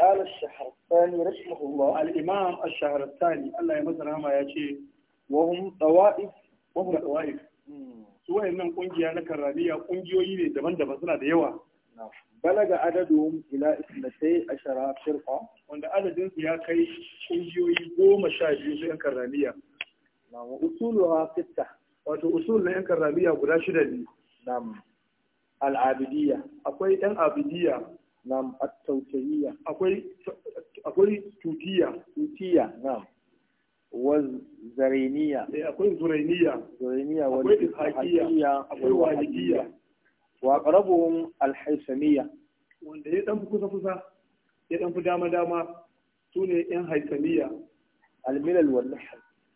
قال الشهرستاني رحمه الله الإمام الشهرستاني الله يمزر ما يأتي وهم طوائف وهم طوائف su wayannan kungiya na karraniya kungiyoyi ne daban-daban suna da yawa balaga adadin ila isnatai ashara firqa wanda adadin su ya kai kungiyoyi goma sha biyu su yan karraniya na wa usuluha sitta wato usul na yan karraniya guda shida ne na'am al akwai yan abidiya. nam at akwai akwai tutiya tutiya nam wa zareniya. Eh, akwai zurainiya zurainiya wa hakiya akwai wahidiya wa aqrabuhum alhaisamiya. wanda ya dan kusa kusa ya dan fi dama dama sune yan haysamiyya almilal milal wal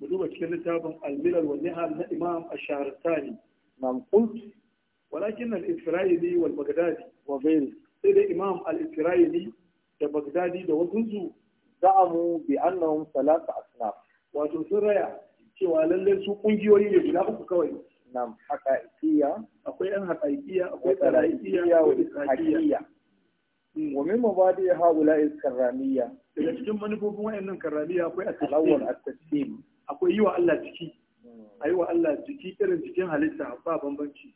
mu duba cikin littafin almilal milal wal nahal na imam ash-shahrastani nam qult ولكن الإسرائيلي والبغدادي وغيره sai dai imam al-isra'ili da bagdadi da wasunsu za'amu bi annahum salasa asnaf wato sun raya cewa lallai su kungiyoyi ne guda uku kawai nam haqaiqiyya akwai yan haqaiqiyya akwai qaraiqiyya wa ishaqiyya hmm, wa min mabadi haula karramiyya daga cikin manufofin wayannan karramiyya akwai at-talawwal at-taslim akwai yiwa Allah jiki hmm. ayi wa Allah jiki irin jikin halitta ba bambanci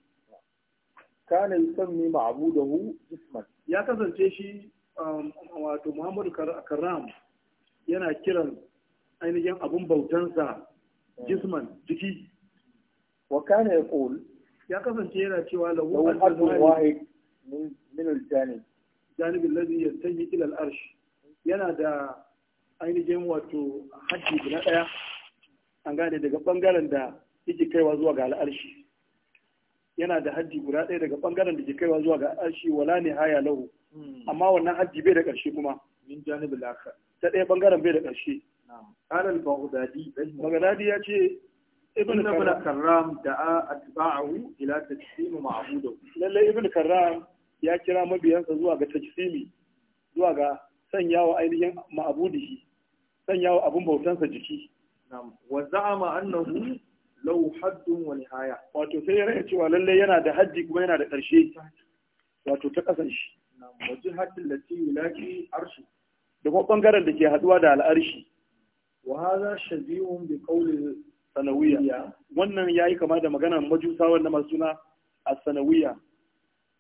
kana yusammi ma'budahu isman ya kasance shi um, wato Muhammadu Karam yana kiran ainihin abun bautansa jisman jiki wa kana yaqul ya kasance yana cewa lahu al wahid min al-janib janib alladhi yantahi ila ilal arsh yana da ainihin wato haddi guda daya an gane daga bangaren da yake kaiwa zuwa ga al'arshi yana da haji guda ɗaya daga ɓangaren da ke kaiwa zuwa ga ashi wala ne haya lahu hmm. amma wannan haji bai da ƙarshe kuma min janibul aka ta ɗaya ɓangaren bai da ƙarshe qala al baghdadi baghdadi ya ce ibn ibn karram da atba'u ila tajsim ma'budu lalle ibn karram ya kira mabiyansa zuwa ga tajsimi zuwa ga sanyawa ainihin ma'budihi sanyawa abun bautansa jiki na'am wa za'ama annahu lau haddun wani haya. wato sai ya cewa lalle yana da haddi kuma yana da ƙarshe wato ta kasan shi wajen haddin da ci wulaki arshi da kuma ɓangaren da ke haɗuwa da al'arshi wa hadha shabihun bi qawli sanawiyya wannan yayi kama da magana majusa wanda masu suna as-sanawiyya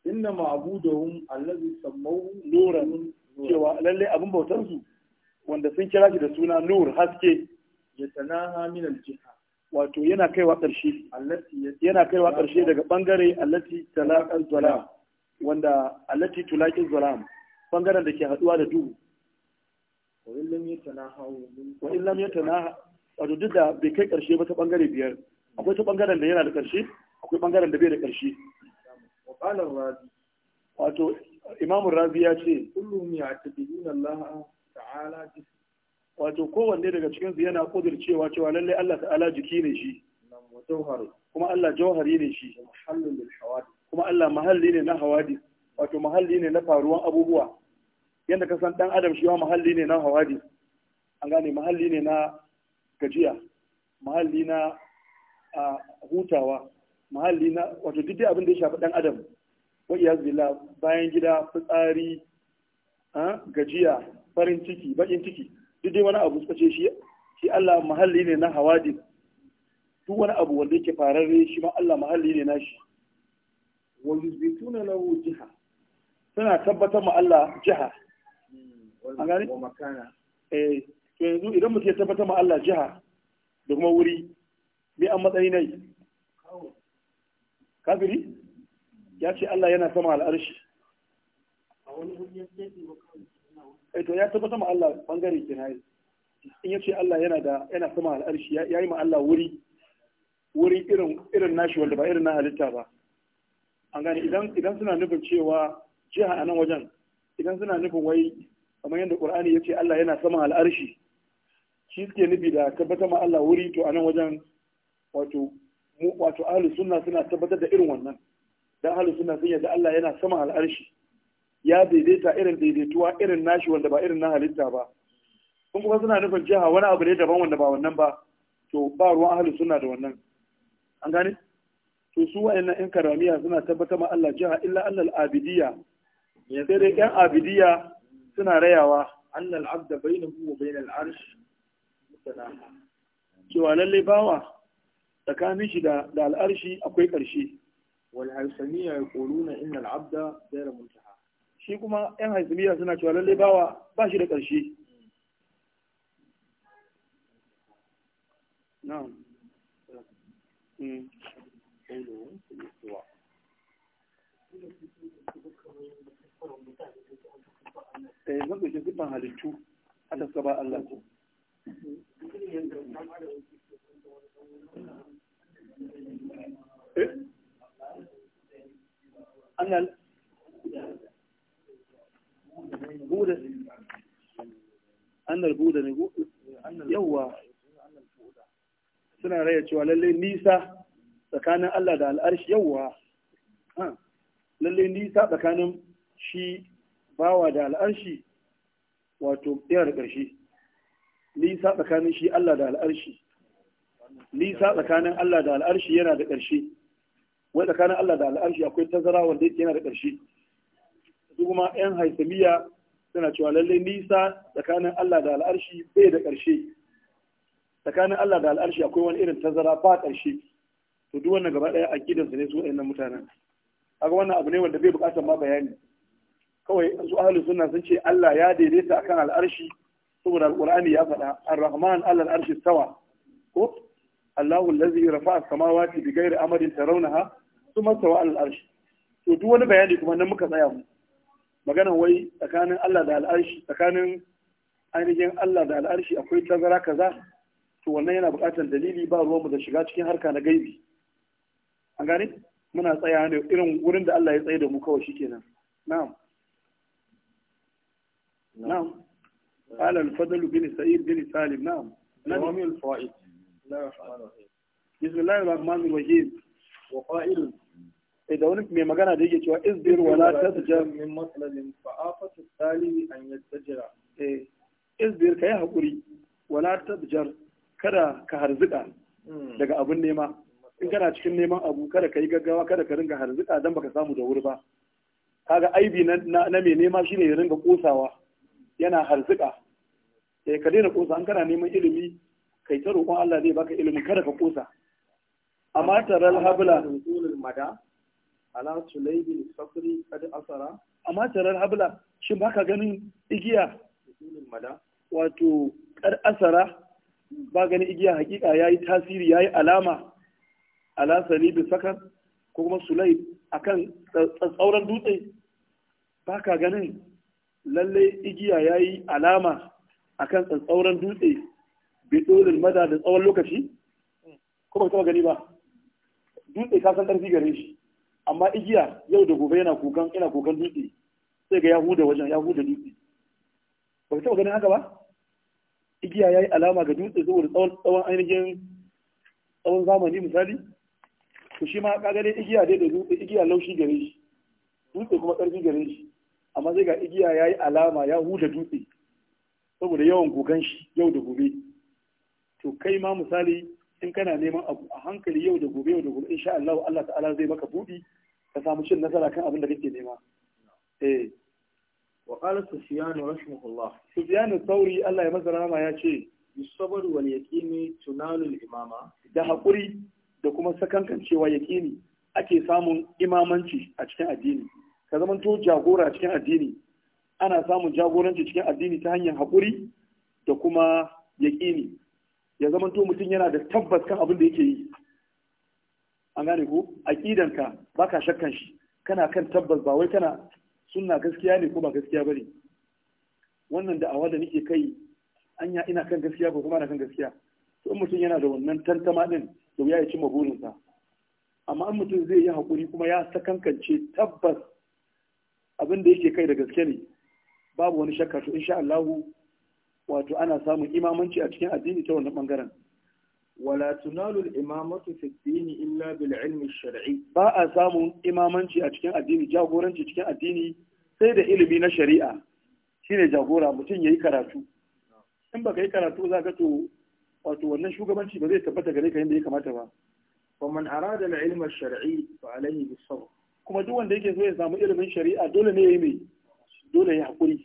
inna ma'budahum allazi sammahu nuran cewa lalle abin bautar su wanda sun kira shi da suna nur haske ya tanaha min al-jiha wato yana kaiwa ƙarshe yana kaiwa ƙarshe daga bangare allati talaqal zalam wanda allati tulaqil zalam bangaren da ke haduwa da duhu wa in lam yatanaha wato duk da bai kai ƙarshe ba ta bangare biyar akwai ta bangaren da yana da ƙarshe akwai bangaren da bai da ƙarshe wato imamu razi ya ce kullu ya allaha ta'ala ta'ala wato kowanne daga cikin su yana kudur cewa cewa lalle Allah ta'ala jiki ne shi kuma Allah jawhari ne shi kuma Allah mahalli ne na hawadi wato mahalli ne na faruwan abubuwa yadda ka san dan adam shi wa mahalli ne na hawadi an gane mahalli ne na gajiya mahalli na hutawa mahalli na wato duk dai abin da ya shafi dan adam wa iyaz billah bayan gida fitsari gajiya farin ciki bakin ciki duk dai wani abu suka ce shi shi Allah mahalli ne na hawadis duk wani abu wanda yake fararre shi ma Allah mahalli ne na shi wa yuzbituna lahu jiha suna tabbatar ma Allah jiha hmm. an gani eh to yanzu idan mutum ya tabbatar ma Allah jiha da kuma wuri me an matsayi nai kafiri ya ce Allah yana sama al'arshi a wani wuri ya ce eh to ya tabbata ma Allah bangare na in yace Allah yana da yana sama al'arshi Ya yi ma Allah wuri wuri irin irin nashi wanda ba irin na halitta ba an gane idan idan suna nufin cewa jiha a nan wajen idan suna nufin wai kamar yadda Qur'ani ce Allah yana sama al'arshi shi suke nufi da tabbatar ma Allah wuri to a nan wajen wato wato ahlus sunna suna tabbatar da irin wannan dan ahlus sunna sun yadda Allah yana sama al'arshi ya daidaita irin daidaituwa irin nashi wanda ba irin na halitta ba in kuma suna nufin jiha wani abu ne daban wanda ba wannan ba to ba ruwan ahli suna da wannan an gane to su wa'annan yan karamiya suna tabbatar ma Allah jiha illa Allah al-abidiyya sai dai yan abidiyya suna rayawa Allah al-abd bainahu wa bain al-arsh cewa lalle bawa tsakanin shi da al'arshi akwai ƙarshe wal harsaniya yaquluna inna al-abda ghayra muntaha shi kuma yan haizmiya suna cewa lalle bawa ba shi da ƙarshe na'am hmm. eh halittu saba Allah eh? buda annal buda ne yawa suna raya cewa lalle nisa tsakanin Allah da al'arshi yawwa lalle nisa tsakanin shi bawa da al'arshi wato ɗaya da ƙarshe nisa tsakanin shi Allah da al'arshi nisa tsakanin Allah da al'arshi yana da ƙarshe wai tsakanin Allah da al'arshi akwai tazara wanda yake yana da ƙarshe su kuma yan haisamiya suna cewa lallai nisa tsakanin Allah da al'arshi bai da ƙarshe tsakanin Allah da al'arshi akwai wani irin tazara ba ƙarshe to duk wannan gaba ɗaya aqidan su ne su wayannan mutanen kaga wannan abu ne wanda bai buƙatar ma bayani kawai su ahlus suna sun ce Allah ya daidaita akan al'arshi saboda Alƙur'ani ya faɗa ar-rahman alal al'arshi, Sawa ko Allahu allazi rafa'a as-samawati bighairi amadin tarawnaha thumma stawa alal arshi to duk wani bayani kuma nan muka tsaya mu maganan wai tsakanin Allah da al'arshi tsakanin ainihin Allah da al'arshi akwai tazara kaza to wannan yana buƙatar dalili ba ruwanmu da shiga cikin harka na gaibi an gane muna tsaya ne irin wurin da Allah ya tsaye da mu kawai shikenan na'am na'am قال الفضل بن سعيد بن سالم نعم نعم الفوائد بسم الله الرحمن الرحيم وقائل sai eh, da wani mai magana da yake cewa is isbir wala tasjar min maslalin fa afatu talibi an yastajira eh isbir kai hakuri wala tasjar kada ka harzika hmm. daga abun nema in kana cikin neman abu kada ka yi gaggawa kada ka ringa harzuka dan baka samu da wuri ba kaga aibi na na mai nema shine ya ringa kosawa yana harzika. eh ka daina kosa an kana neman ilimi kai ta roƙon Allah zai baka ilimi kada ka kosa amma taral habla ala sulaybil sakri kad asara amma tarar habla shin baka ganin igiya wato kad asara ba ganin igiya hakika yayi tasiri yayi alama ala salibi sakar ko kuma sulayb akan tsauran dutse baka ganin lalle igiya yayi alama akan tsauran dutse dolin mada da tsawon lokaci ko ba gani ba dutse ka san karfi gare shi amma igiya yau da gobe yana kukan ina kukan dutse sai ga ya da wajen ya da dutse ba taɓa ganin haka ba igiya ya yi alama ga dutse saboda tsawon ainihin tsawon zamani misali to shi ma kaga dai igiya dai da dutse igiya laushi gare shi dutse kuma karfi gare shi amma sai ga igiya ya yi alama ya da dutse saboda yawan kukan shi yau da gobe to kai ma misali in kana neman abu a hankali yau da gobe yau da gobe insha Allah Allah ta'ala zai maka budi ka samu cin nasara kan abin da kake nema eh wa qala sufyan rahimahullah sufyan thawri Allah ya masa rahama ya ce bisabr wal yaqini tunalul imama da hakuri da kuma sakankancewa yaqini ake samun imamanci a cikin addini ka zama to jagora cikin addini ana samun jagoranci cikin addini ta hanyar hakuri da kuma yaqini ya zama to mutum yana da tabbas kan abin da yake yi an gane ko aqidanka baka shakkan shi kana kan tabbas ba wai kana sunna gaskiya ne ko ba gaskiya bane wannan da awa da nake kai anya ina kan gaskiya ko kuma na kan gaskiya to in mutum yana da wannan tantama din da ya yi cimma burinsa amma in mutum zai yi hakuri kuma ya sakankance tabbas abin da yake kai da gaske ne babu wani shakka to insha Allah wato ana samun imamanci a cikin addini ta wannan bangaren wala tunalu al-imamatu fi ad-din illa bil ash shari ba a samun imamanci a cikin addini jagoranci cikin addini sai da ilimi na shari'a shine jagora mutum yayi karatu in baka yi karatu za ka to wato wannan shugabanci ba zai tabbata gare ka yadda ya kamata ba fa man arada al-ilm ash-shar'i fa alayhi bis-sabr kuma duk wanda yake so ya samu ilimin shari'a dole ne yayi mai dole ya hakuri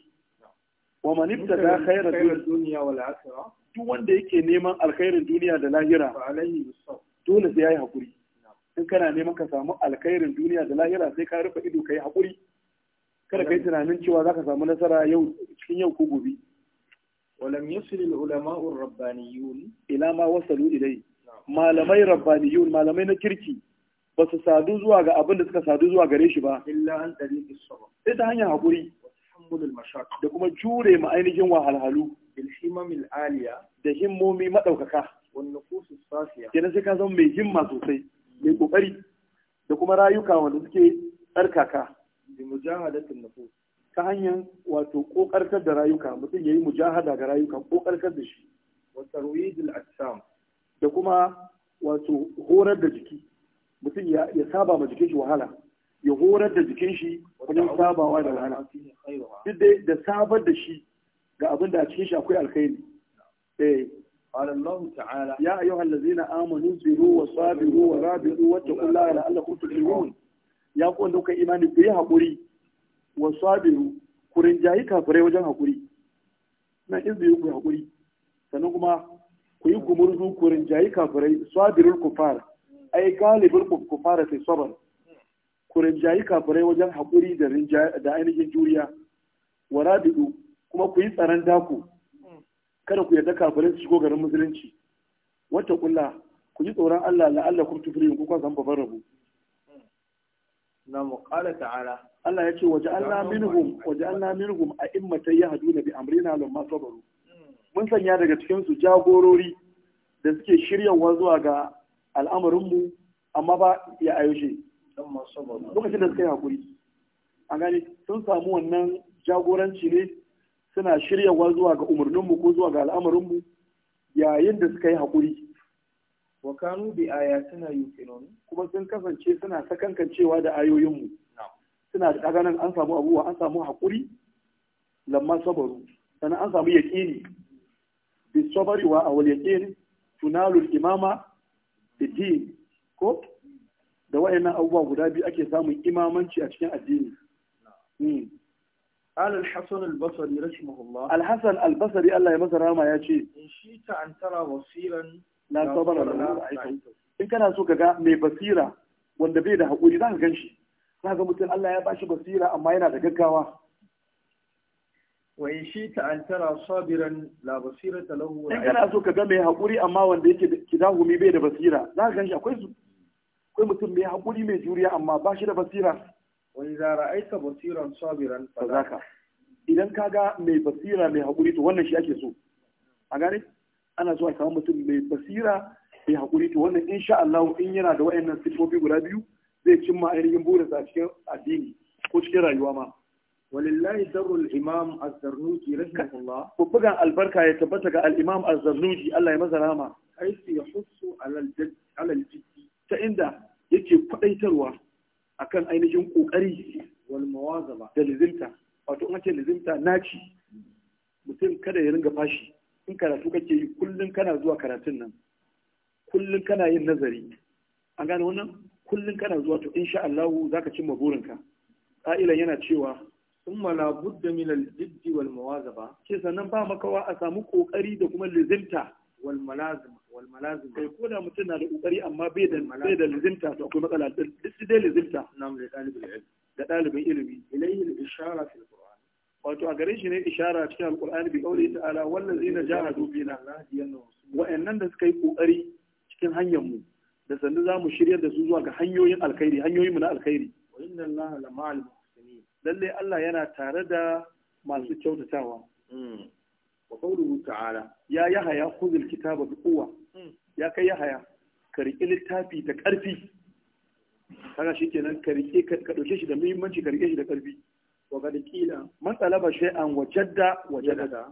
wa man ibtada khayra dunya wal akhirah duk wanda yake neman alkhairin duniya da lahira dole sai yayi hakuri in kana neman ka samu alkhairin duniya da lahira sai ka rufe ido kai hakuri kada kai tunanin cewa zaka samu nasara yau cikin yau ko gobe ولم يصل العلماء الربانيون إلى ما وصلوا إليه malamai rabbaniyun malamai na kirki ba su sadu zuwa ga abin da suka sadu zuwa gare shi ba illa an dari sai ta hanyar hakuri tahammul al mashaq da kuma jure ma ainihin wahalhalu bil himam al aliya da himmomi madaukaka wan nufusus safiya kenan sai ka zama mai himma sosai mai kokari da kuma rayuka wanda suke tsarkaka bi mujahadatin nufus ta hanyar wato kokarkar da rayuka mutum yayi mujahada ga rayuka kokarkar da shi wa tarwid al ajsam da kuma wato horar da jiki mutum ya saba ma jikin shi wahala ya horar da jikin shi kuma sabawa da wahala duk da sabar da shi ga abin da a cikin shi akwai alkhairi eh قال الله تعالى يا أيها الذين آمنوا اصبروا وصابروا ورابطوا واتقوا الله لعلكم تفلحون يا قوم دوك إيمان بي حقوري وصابروا كورن جاي كافري وجن حقوري ما ku yi حقوري sannan kuma ku yi gumurzu ku rinjayi kafirai sabirul kufar ai galibul kufara sai sabar ku rinjayi kafirai wajen haƙuri da ainihin juriya wa rabidu kuma ku yi tsaron daku kada ku yarda kafirai su shigo garin musulunci wata kulla ku ji tsoron Allah la'alla kum tufrihun ku kwasan babban rabu namu qala ta'ala Allah yace ce waja'alna minhum waja'alna minhum a'immatan yahduna bi amrina lamma sabaru hmm. mun sanya daga cikin su jagorori da suke shiryawa zuwa ga al'amarinmu amma ba ya ayoshe lokacin da suka yi hakuri a gani sun samu wannan jagoranci ne suna shiryawa zuwa ga umarninmu ko zuwa ga al'amarinmu yayin da suka yi haƙuri wa kanu bi ayatina yuqinun kuma sun kasance suna sakankancewa da ayoyinmu suna da kaga an samu abubuwa an samu haƙuri lamma sabaru sannan an samu yaƙini bi sabari wa awal yaqin tunalul imama bidin ko da wayannan abubuwa guda biyu ake samun imamanci a cikin addini قال الحسن البصري رحمه الله الحسن البصري الله يمسر ما يجي إن شئت أن ترى بصيرا لا in kana so ka ga mai basira wanda bai da haƙuri za ka gan shi za ga mutum Allah ya bashi basira amma yana da gaggawa wa in shi ta an tara sabiran la basira ta lahu in kana so ka ga mai haƙuri amma wanda yake kidahumi bai da basira za ka gan shi akwai mutum mai haƙuri mai juriya amma ba shi da basira wa idza ra'aita basiran sabiran fa zaka idan kaga mai basira mai hakuri to wannan shi ake so a gane ana so a samu mutum mai basira mai hakuri to wannan insha Allah in yana da wayannan sifofi guda biyu zai cimma ainihin burinsa a cikin addini ko cikin rayuwa ma darul ولله در الإمام الزرنوجي رحمه الله وبقى البركة يتبتك الإمام Allah ya يمزل هما حيث يحص على الجد على ta inda yake قديتروا akan ainihin kokari wal mawazaba da lizimta wato an ce lizimta naci mutum kada ya ringa fashi in karatu kake yi kullum kana zuwa karatun nan kullum kana yin nazari an gane wannan kullum kana zuwa to insha Allah zaka cimma burinka ƙa'ilan yana cewa umma la budda min al jiddi wal mawazaba ce sannan ba makawa a samu kokari da kuma lizimta wal malazima والملازم يكون متنا لأقري أما بيد بيد لزمتا تكون مثلا لسيد لزمتا نعم لطالب العلم لطالب العلم إليه الإشارة في القرآن wato a gare shi ne ishara cikin alkur'ani bi kauli ta'ala wallazina jahadu bina wa'annan da suka yi kokari cikin hanyar mu da sannu za mu shirya da su zuwa ga hanyoyin alkhairi hanyoyin mu na alkhairi lalle Allah yana tare da masu kyautatawa mm. wa qawluhu ta'ala ya yahya khudh alkitaba bi quwwa ya kai haya. ka riƙe littafi da ƙarfi Kana shikenan ka riƙe ka ɗauke shi da muhimmanci ka riƙe shi da ƙarfi wa ga kila matsala ba shi an wajadda wajadda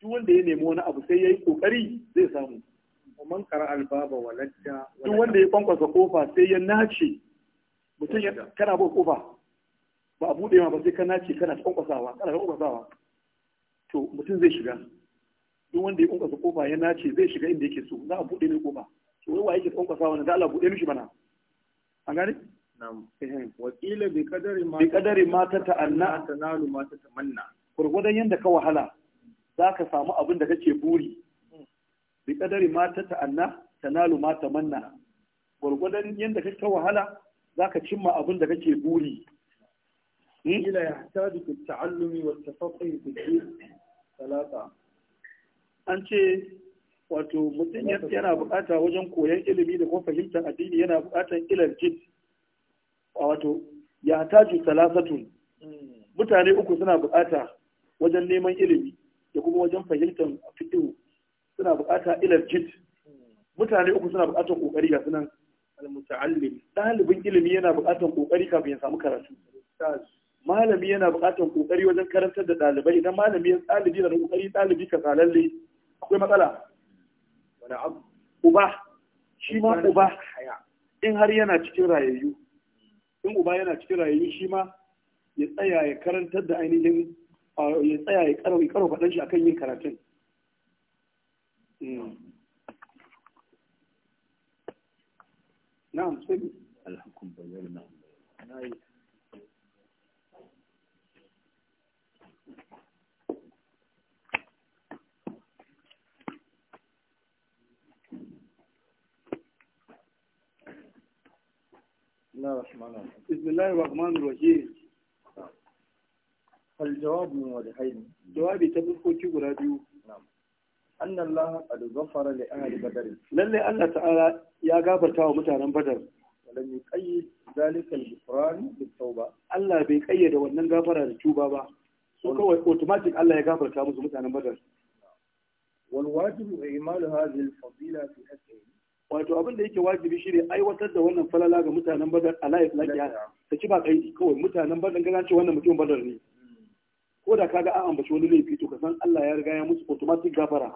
duk wanda ya nemi wani abu sai yayi kokari zai samu wa man qara albaba wa ladda duk wanda ya kwankwasa kofa sai ya nace mutum ya kana ba kofa ba a bude ma ba sai ka nace kana kwankwasawa kana kwankwasawa to mutum zai shiga duk wanda ya kwankwasa kofa ya nace zai shiga inda yake so za a buɗe mai kofa to wai wa yake kwankwasa wani za a buɗe mishi bana. an gane na'am wakila bi kadari ma bi kadari ma ta ta'anna nalu ma ta tamanna gurgudan yanda ka wahala zaka samu abin da kake buri bi kadari ma ta ta'anna nalu ma tamanna gurgudan yanda kake wahala zaka cimma abin da kake buri hmm? ila ya hatabi ta'allumi wa tafaqquhi fi din salata an ce wato mutum yana bukata wajen koyon ilimi da kuma fahimtar addini yana bukatar ilal jid wato ya taju salasatun mutane uku suna bukata wajen neman ilimi da kuma wajen fahimtar fiqh suna bukata ilal jid mutane uku suna bukatar kokari ga sunan al-muta'allim dalibin ilimi yana bukatar kokari kafin ya samu karatu malami yana bukatar kokari wajen karantar da dalibai idan malami ya tsalibi da kokari dalibi ka salalle akwai matsala uba shi ma uba in har yana cikin rayayyu in uba yana cikin rayayyu shi ma ya tsaya ya karantar da ainihin ya tsaya ya karo karo faɗan shi akan yin karatun hmm. na'am sai alhakum bayyana na'am Jawabi ta bukoki guda biyu. Annallah al a li ahli badar. Lalle Allah ta'ala ya gafarta wa mutanen Badar. Lam yuqayyid zalika al ghufran bit tawba. Allah bai kayyade wannan gafara da tuba ba. So kawai automatic Allah ya gafarta musu mutanen Badar. Wal wajibu i'mal hadhihi al fadila fi hadhihi. wato abin da yake wajibi ne aiwatar da wannan falala ga mutanen badar a laif lafiya ta ci ba kaidi kawai mutanen badar gana ce wannan mutum badar ne hmm. ko da kaga an ambaci wani laifi to ka san Allah ya riga ya musu automatic gafara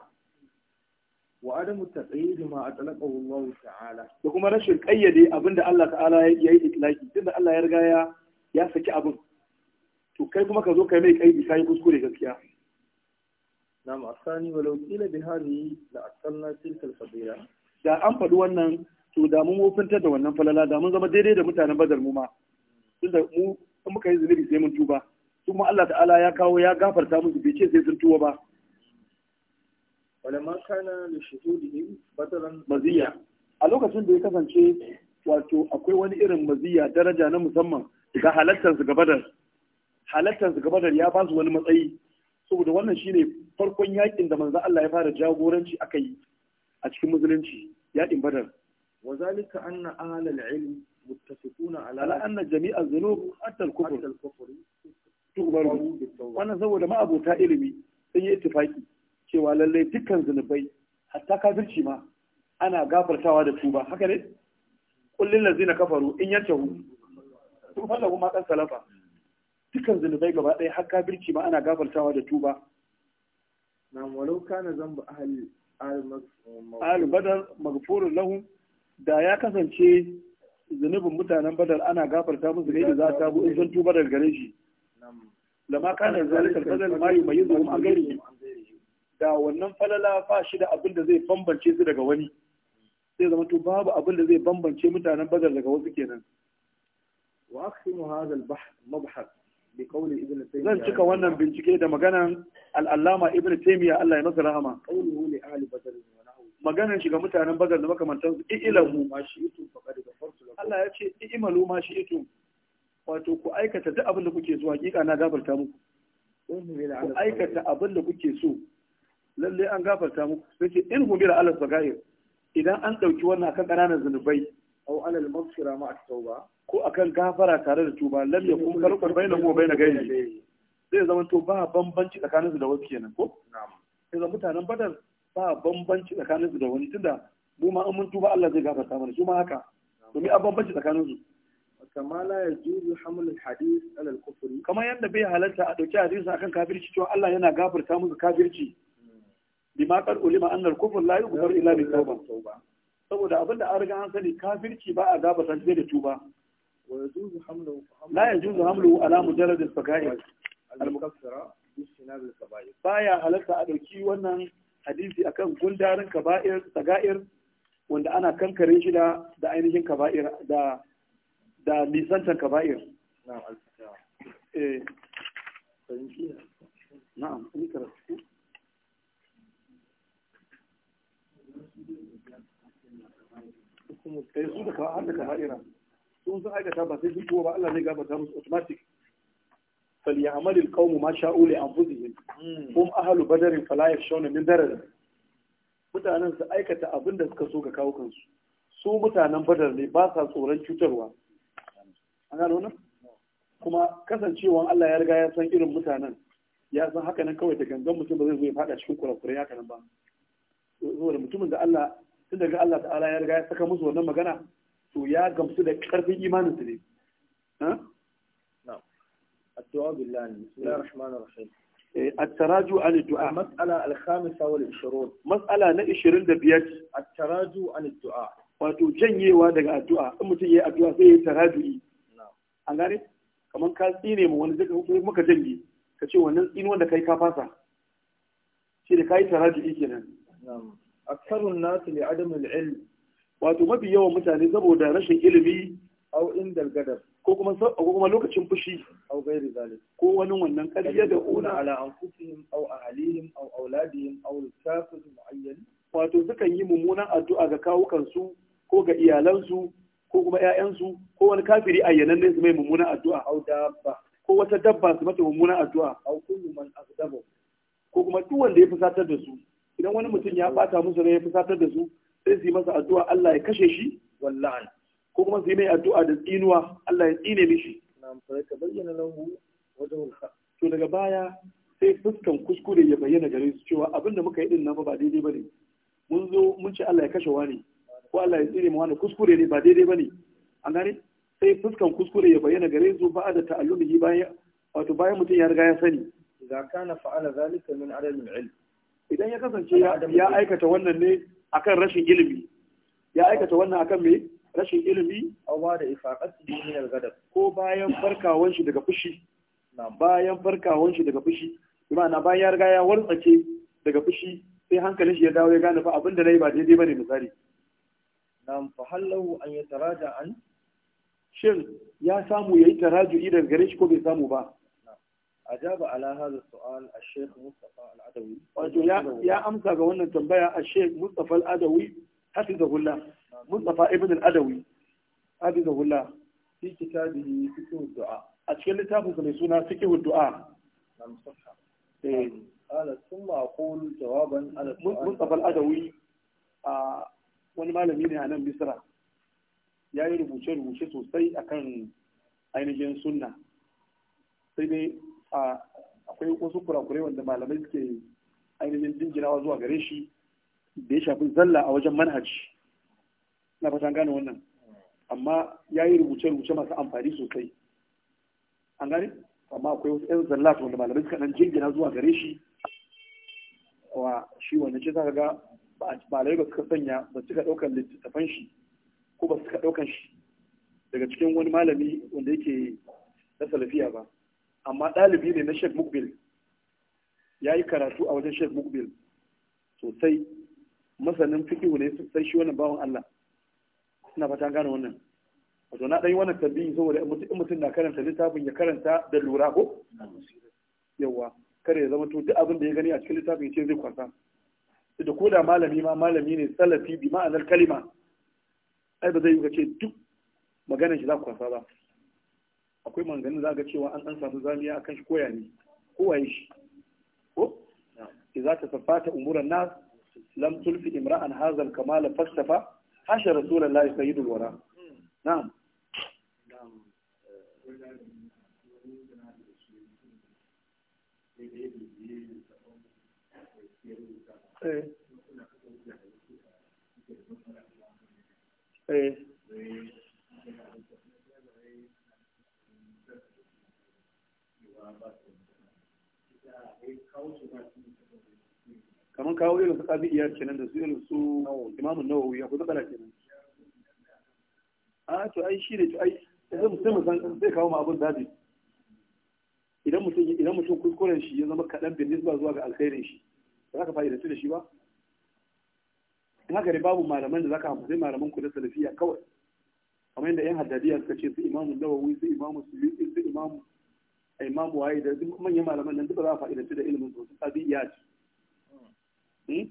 wa adamu taqyid ma atlaqahu Allah ta'ala da kuma rashin kayyade abinda Allah ta'ala ya yi itlaki tunda Allah ya riga ya ya saki abin to kai kuma ka zo kai mai kaidi kai kuskure gaskiya نعم الثاني ولو قيل بهذه لأصلنا تلك الفضيلة da an faɗi wannan to da mun wofintar da wannan falala da mun zama daidai da mutanen badar mu ma tunda mu in muka yi zunubi sai mun tuba kuma Allah ta'ala ya kawo ya gafarta musu bai ce sai sun tuba ba walamma kana li shuhudihim badaran maziya a lokacin da ya kasance wato akwai wani irin maziya daraja na musamman ga halattar su ga badar halattar su ga badar ya ba su wani matsayi saboda wannan shine farkon yakin da manzo Allah ya fara jagoranci akai yi a cikin musulunci yaƙin badar wa zalika anna al ilm muttafiquna ala ala anna jami'a dhunub hatta al-kufr tubaru wannan saboda ma'abota ilimi sun yi ittifaki cewa lallai dukkan zunubai hatta kafirci ma ana gafartawa da tuba haka ne kullin lazina kafaru in yantahu wala kuma kan salafa dukkan zunubai gaba ɗaya har kafirci ma ana gafartawa da tuba na walau kana zamba ahli ahlu badar maghfurun lahum da ya kasance zunubin mutanen badar ana gafarta musu ne da za ta bu in zan tuba daga gare shi lama kana zalikal mai ma yumayyizuhum an ghairihim da wannan falala fa shi da abin da zai bambance su daga wani sai zama to babu abin da zai bambance mutanen badar daga wasu kenan wa akhiru hadha al zan cika wannan bincike da maganan al'allama ibn Taimiyya Allah ya masa rahama maganan shiga mutanen bazar da makamantar su ilamu Allah ya ce i'malu ma shi ito. wato ku aikata duk abin da kuke so hakika na gafarta muku ku aikata abin da kuke so lalle an gafarta muku sai ce in humira ala sagair idan an dauki wannan akan kananan zanubai aw ala al ma at-tauba ko akan gafara tare da tuba lam yakun farqan bainahu wa na gani. zai zama to ba bambanci tsakanin su da wasu kenan ko sai zama mutanen badar ba bambanci tsakanin su da wani tunda mu ma mun tuba Allah zai gafarta mana kuma ma haka to mi a bambanci tsakanin su kama la juzu hamul hadith ala kufri kama yanda bai halarta a dauki hadisi akan kafirci cewa Allah yana gafarta musu kafirci hmm. bima kar ulima al kufr la yughfar illa bi tawba saboda abinda an riga an sani kafirci ba a gafarta sai da tuba لا يجوز حمله على مجرد الفقائر المكسرة باجتناب الكبائر halatta a ɗauki wannan hadisi akan gundarin kaba'ir sagair wanda ana kankare shi da ainihin kaba'ir da nisantar kaba'ir in sun aikata ba sai sun tuwo ba Allah zai gabata musu automatic فليعمل القوم ما شاءوا لأنفسهم هم أهل بدر فلا yashawna min darar mutanen su aikata abin da suka so ga kawo kansu su mutanen badar ne ba sa tsoron cutarwa an gano nan kuma kasancewan Allah ya riga ya san irin mutanen ya san haka nan kawai da gangan mutum ba zai zo ya fada cikin kurakurai haka nan ba saboda mutumin da Allah tun daga Allah ta'ala ya riga ya saka musu wannan magana to ya gamsu da karfin imanin su ne الدعاء بالله بسم الله الرحمن التراجع عن الدعاء مسألة الخامسة والعشرون مسألة نعشرين دبيات التراجع عن الدعاء wato janyewa daga addu'a in mutum yi addu'a sai yi taraju'i an gane kamar ka wani ka ce kai ka fasa kenan wato mafi yawan mutane saboda rashin ilimi au indal gadar ko kuma ko kuma lokacin fushi au gairi zalik ko wani wannan kariya da una ala anfusihim au ahlihim au auladihim au kafir muayyan wato sukan yi mummunan addu'a ga kawukan su ko ga iyalansu ko kuma 'ya'yansu. ko wani kafiri ayyanan ne su mai mummunan addu'a au dabba ko wata dabba su mata mummunan addu'a au kullu man aqdabu ko kuma duk wanda ya fusatar da su idan wani mutum ya bata musu ne ya fusatar da su sai su yi masa addu'a Allah ya kashe shi wallahi ko kuma su yi mai addu'a da tsinuwa Allah ya tsine mishi na'am sai ka bayyana lahu wajen haq to daga baya sai fuskan kuskure ya bayyana gare su cewa abin da muka yi din nan ba daidai bane mun zo mun ce Allah ya kashe wani ko Allah ya tsine mu wani kuskure ne ba daidai bane an gane sai fuskan kuskure ya bayyana gare su ba da ta'allumihi bayan wato bayan mutum ya riga ya sani idan kana fa'ala zalika min adamil ilm idan ya kasance ya aikata wannan ne akan rashin ilimi ya aikata wannan akan me rashin ilimi aw ba da ifaqati min al-ghadab ko bayan farkawon shi daga fushi na bayan farkawon shi daga fushi kuma na bayan ya riga ya wartsake daga fushi sai hankalin shi ya dawo ya gane fa abinda nayi ba daidai bane misali nam fa hallahu an yataraja an shin ya samu yayi taraju'i daga gare shi ko bai samu ba أجاب على هذا السؤال الشيخ مصطفى العدوي يا يا أمسى قولنا تنبيا الشيخ مصطفى العدوي حفظه الله مصطفى ابن العدوي حفظه الله في كتابه سكه الدعاء أتكلم كتابه سميسونا سكه الدعاء نعم صفحة قال ثم أقول جوابا على السؤال مصطفى العدوي wani ما لم a nan misra يا yi rubuce-rubuce sosai akan أين sunna سنة سيدي akwai wasu kurakurai wanda malamai suke ainihin jinginawa zuwa gare shi da ya shafi zalla a wajen manhaji na fatan gane wannan amma ya yi rubuce-rubuce masu amfani sosai an gane amma akwai wasu 'yan zalla wanda malamai suka nan jingina zuwa gare shi wa shi wannan ce zaka ga malamai ba suka sanya ba suka daukan littattafan shi ko ba suka daukan shi daga cikin wani malami wanda yake na salafiya ba amma ɗalibi ne na Sheikh Mukbil ya yi karatu a wajen Sheikh Mukbil sosai masanin fikihu ne sosai shi wannan bawan Allah ina fata gane wannan wato na ɗan yi wannan tambayi saboda in mutum na karanta littafin ya karanta da lura ko yawa kare ya zama to duk abin da ya gani a cikin littafin ya ce zai kwasa da ko da malami ma malami ne salafi bi ma'anar kalima ai ba zai yi ka ce duk maganar shi za ku kwasa ba akwai manganin za ga cewa an dan samu zamiya akan shi koya ne kowaye shi ko idza ta umuran nas lam tulfi imra'an hadha al-kamal fastafa hasha rasulullahi sayyidul wara na'am Eh. Eh. kamar kawo irin su ƙabi iyar kenan da su irin su imamun nawawi ya kusa zaɓala kenan a ah, to ai shi ne to ai sai mutum san zai kawo ma abin daji idan mutum idan mutum kuskuren shi ya zama kaɗan bin nisba zuwa ga alkhairin shi ba za ka fa'ida da shi ba in haka ne babu malaman da za ka sai malaman ku na salafiya kawai kamar yadda yan haddadiya suka ce su imamu nawawi su imamu suyuti su imamu imamu waye da duk manyan malaman nan duk ba za a fa'idanci da ilimin su tabi'iyat hmm?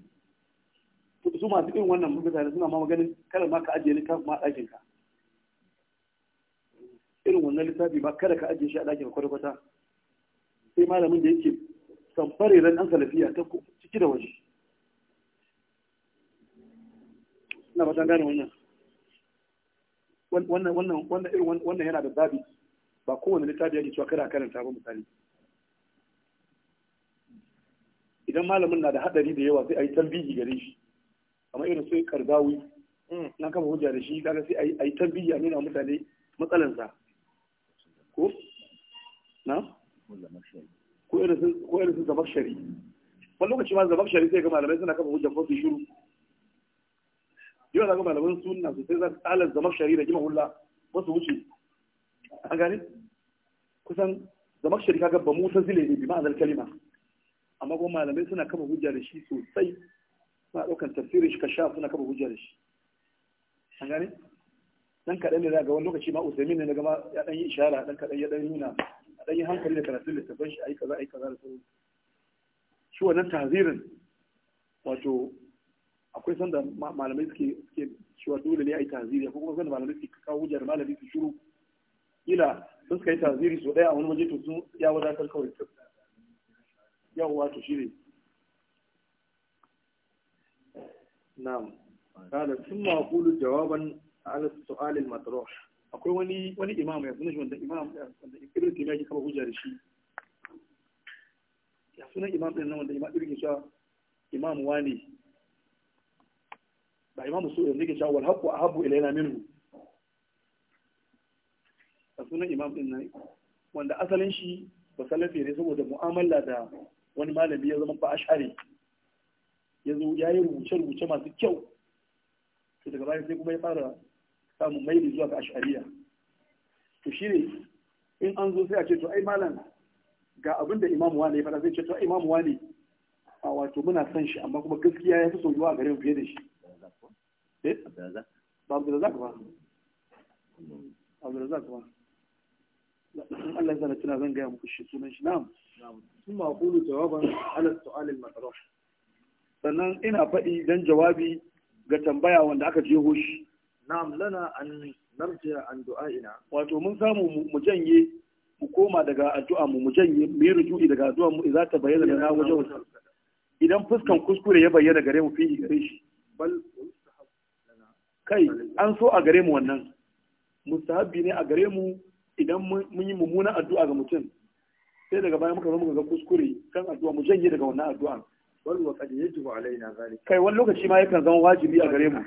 su masu irin wannan mutane suna ma maganin kada ma ka ajiye littafin ma ɗakin ka irin wannan littafi ba kada ka ajiye shi a ɗakin kwata-kwata sai malamin da yake samfare ran an salafiya ta ciki da waje ina ba gane wannan wannan wannan wannan irin wannan yana da zabi ba kowane littafi yake cewa kada karanta ba misali idan malamin na da hadari da yawa sai a yi tambihi gare shi amma irin sai karzawi mm. na kama hujja da shi kaga sai a yi tambihi a nuna mutane matsalansa ko na ko irin sun zabar shari wani lokaci ma zabar shari sai ga malamai suna kama hujja ko su shiru yau na ga malaman sunna sosai za su tsalar zabar shari da gima hula wasu wuce an gane kusan zama shiri kaga ba musa zile ne bi ma'anar kalima amma kuma malamai suna kama hujja da shi sosai suna ɗaukar tafsirin shi ka sha suna kama hujja da shi an gane dan kaɗan ne ga wani lokaci ma usaimin ne na gama ya ɗan yi ishara dan kaɗan ya ɗan nuna a ɗan yi hankali da karatun littafin shi a yi kaza a yi kaza da sauran shi wannan tazirin wato akwai sanda malamai suke suke cewa dole ne a yi taziri akwai kuma sanda malamai suke kawo hujjar malami su shiru kila sun suka yi taziri su ɗaya a wani waje to sun ya wadatar kawai yawwa to shine Na kana sun ma kulu jawaban ala su'al al matruh akwai wani wani imam ya sunan wanda imam wanda ibnu taymiya ke kama hujja da shi ya sunan imam din nan wanda imam ibnu taymiya imam wani ba imam su yanzu ke cewa wal haqu ahabu ilayna minhu sunan imam din nan wanda asalin shi ba salafi ne saboda mu'amala da wani malami ya zama ba ashari ya zo ya yi rubuce-rubuce masu kyau to daga baya sai kuma ya fara samun maili zuwa ga ashariya to shi ne in an zo sai a ce to ai malam ga abin da imam wani ya faɗa zai ce to ai wani a wato muna son shi amma kuma gaskiya ya fi so a garin fiye da shi eh? ba abdulrazak ba abdulrazak ba Allah zana tuna zan gaya muku shi sunan shi na'am sun ma kulu jawaban ala su'alil matarah sannan ina faɗi dan jawabi ga tambaya wanda aka jeho shi na'am lana an narje an du'a'ina wato mun samu mu janye mu koma daga addu'a mu mu janye mu yi rujui daga addu'a mu idza ta bayyana na wajen wata idan fuskan kuskure ya bayyana gare mu fi gare shi bal kai an so a gare mu wannan mustahabbi ne a gare mu idan mun yi mummunan addu'a ga mutum sai daga baya muka zo muka ga kuskure kan addu'a mu janye daga wannan addu'a wal wa qad yajibu alaina zalik kai wani lokaci ma yakan zama wajibi a gare mu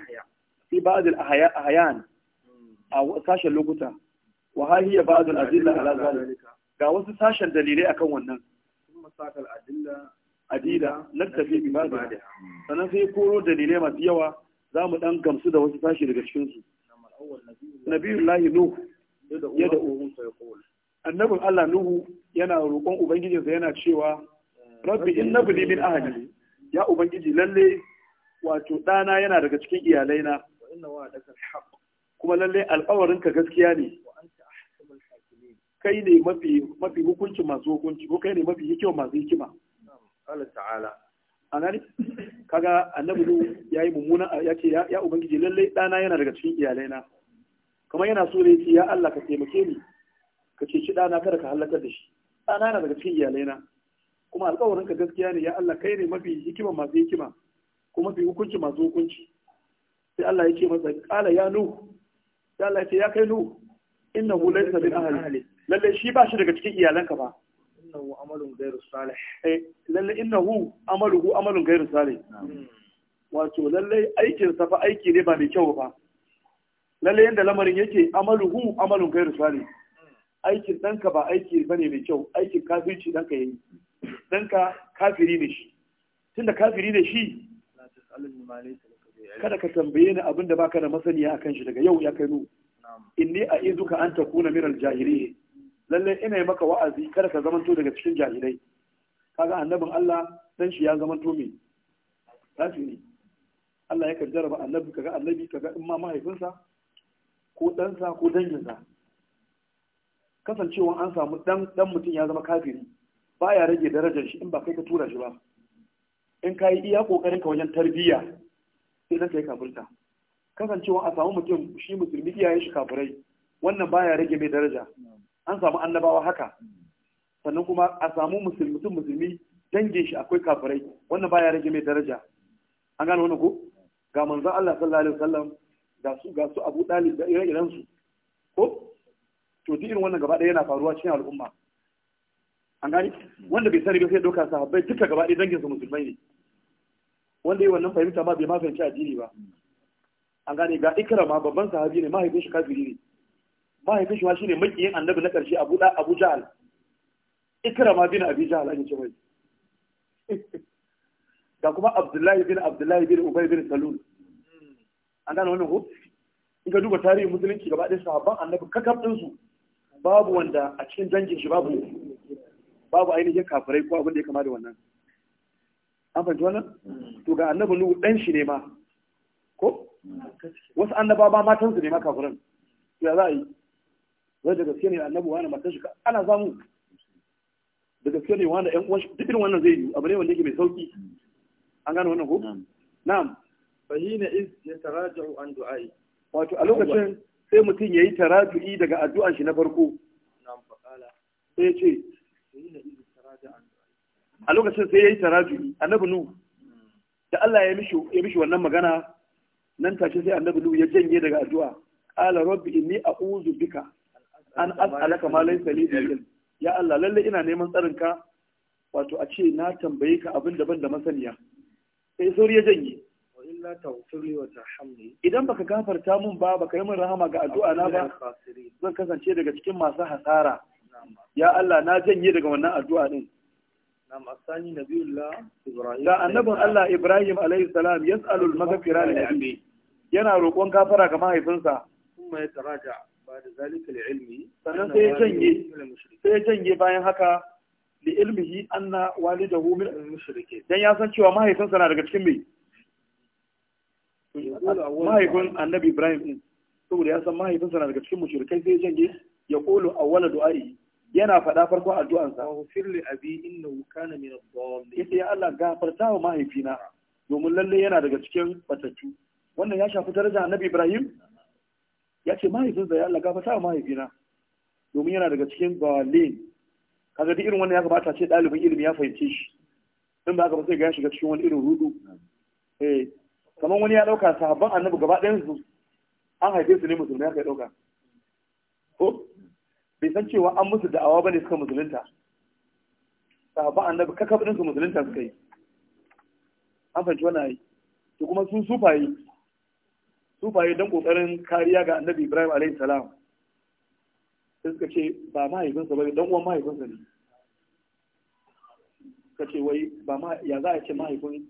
fi ba'd al ahyan hmm. a sashen lokuta wa haliya ba'd al adilla ala zalika ga wasu sashen dalilai akan wannan masakal adilla adila naktafi bi ba'd sanan sai koro dalilai masu yawa za mu dan gamsu da wasu sashi daga cikin su nabiyullahi nuh ya da uhu annabin Allah Nuhu yana roƙon ubangijinsa yana cewa rabbi innabni min ahli ya ubangiji lalle wato ɗana yana daga cikin iyalaina kuma lalle ka gaskiya ne kai ne mafi mafi hukunci masu hukunci ko kai ne mafi hikima masu hikima Allah ta'ala anani kaga annabi ya yi mummuna ya ce ya ubangiji lalle ɗana yana daga cikin iyalaina kamar yana so ne ya Allah ka taimake ni ka ceci ɗana kada ka halakar da shi ɗana na daga cikin iyalaina kuma alƙawarin ka gaskiya ne ya Allah kai ne mafi hikima masu hikima kuma mafi hukunci masu hukunci sai Allah ya ce masa ƙala ya nuhu sai Allah ya ce ya kai nuhu hu laysa min ahli lalle shi ba shi daga cikin iyalanka ba hu amalun ghairu salih eh lalle hu amaluhu amalun ghairu salih wato lalle aikin sa fa aiki ne ba mai kyau ba lalle yanda lamarin yake amaluhu amalun gairu sani aikin danka ba aiki bane mai kyau aikin kafirci danka yayi danka kafiri ne shi tunda kafiri ne shi kada ka tambaye ni abinda baka da masaniya akan shi daga yau ya kai nu inni a izuka an kuna miral jahiliyin lalle ina yi maka wa'azi kada ka zamanto daga cikin jahilai kaga annabin Allah dan shi ya zamanto me kafiri Allah ya karjara ba annabi kaga annabi kaga in ma mahaifinsa ko ɗansa ko danginsa kasancewa an samu ɗan mutum ya zama kafiri ba ya rage darajar shi in ba kai ka tura shi ba in ka yi iya ƙoƙarin ka wajen tarbiyya sai nan ka yi kafirta kasancewa a samu mutum shi musulmi iyaye shi kafirai wannan ba ya rage mai daraja an samu annabawa haka sannan kuma a samu musulmi musulmi dangin shi akwai kafirai wannan ba ya rage mai daraja an gane wani ko ga manzon Allah sallallahu alaihi wasallam da su ga su abu dalib da ire-iren su ko to duk irin wannan gaba ɗaya yana faruwa cikin al'umma an gani wanda bai sani ba sai doka sahabbai duka gaba ɗaya dangin su musulmai ne wanda yi wannan fahimta ma bai ma fahimci addini ba an gane ga ikrama babban sahabi ne mahaifin shi kafiri ne mahaifin shi ma shine makiyin annabi na karshe abu da abu jahal ikrama bin abi jahal an ce mai ga kuma abdullahi bin abdullahi bin ubay bin salul an gane wannan ko in ka duba tarihin musulunci gaba ɗaya sahabban annabi kakar ɗinsu babu wanda a cikin dangin shi babu babu ainihin kafirai ko abin da ya kama da wannan an fahimci wannan to ga annabi nuhu ɗan shi ne ma ko wasu annaba ba matan su ne ma kafirin ya za a yi zai da gaske ne annabi wani matan shi ana samu da gaske ne wani ƴan uwan shi duk irin wannan zai yi abu ne wanda yake mai sauki an gane wannan ko na'am fahina iz ya taraja'u an du'ai wato a lokacin sai mutum yayi taraju'i daga addu'an shi na farko na'am faqala sai ce fahina iz taraja'an a lokacin sai yayi taraju'i annabi nu da Allah ya mishi ya mishi wannan magana nan tashi sai annabi nu ya janye daga addu'a qala rabbi inni a'udhu bika an as'alaka ma laysa li ilm ya Allah lalle ina neman tsarinka wato a ce na tambaye ka abin daban da masaniya sai sauri ya janye illa taghfirli wa tarhamni idan baka gafarta mun ba baka yi min rahama ga addu'a na ba zan kasance daga cikin masu hasara ya Allah na janye daga wannan addu'a din nam asani nabiyullah ibrahim da annabin Allah ibrahim alayhi salam yas'alu al-maghfira li abi yana roƙon gafara ga mahaifinsa kuma ya taraja ba da zalika li ilmi sannan sai ya janye sai ya janye bayan haka li ilmihi anna walidahu min al-mushrikin dan ya san cewa mahaifinsa na daga cikin mai mahaifin annabi ibrahim din saboda ya san mahaifinsa na daga cikin mushrikai sai janye ya a wala du'a'i yana faɗa farkon addu'ansa wa firli abi innahu kana min ad-dallin yace ya Allah gafarta wa mahaifina domin lalle yana daga cikin batattu wannan ya shafi daraja annabi ibrahim ya ce mahaifinsa ya Allah gafarta wa mahaifina domin yana daga cikin dallin kaga duk irin wannan ya kamata ce ɗalibin ilimi ya fahimce shi in ba haka ba sai ga shiga cikin wani irin rudu eh kamar wani ya dauka sahabban annabi gaba ɗayan su an haife su ne musulmi aka dauka ko bai san cewa an musu da'awa bane suka musulunta sahabban annabi kakab ɗin su musulunta suka yi an fahimci wannan ai to kuma sun sufaye sufaye don kokarin kariya ga annabi Ibrahim alayhi salam sai suka ce ba mahaifinsa ba dan uwan mahaifinsa ne suka ce wai ba ma ya za a ce mahaifin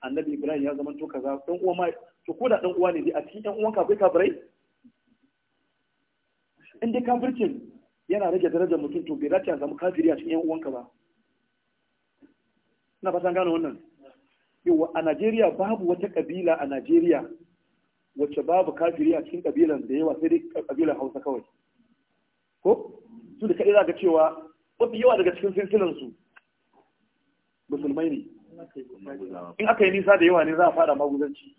annabi ibrahim ya zama to kaza dan uwa mai to ko dan uwa ne a cikin yan uwan ka akwai kafirai in dai kafircin yana rage darajar mutum to bai dace a zama kafiri a cikin yan uwanka ba ina fatan gano wannan yawa a Najeriya babu wata kabila a Najeriya wacce babu kafiri a cikin kabilan da yawa sai dai kabilan Hausa kawai ko su da kaɗai za ka cewa mafi yawa daga cikin silsilan musulmai ne in aka yi nisa da yawa ne za a fara maguzanci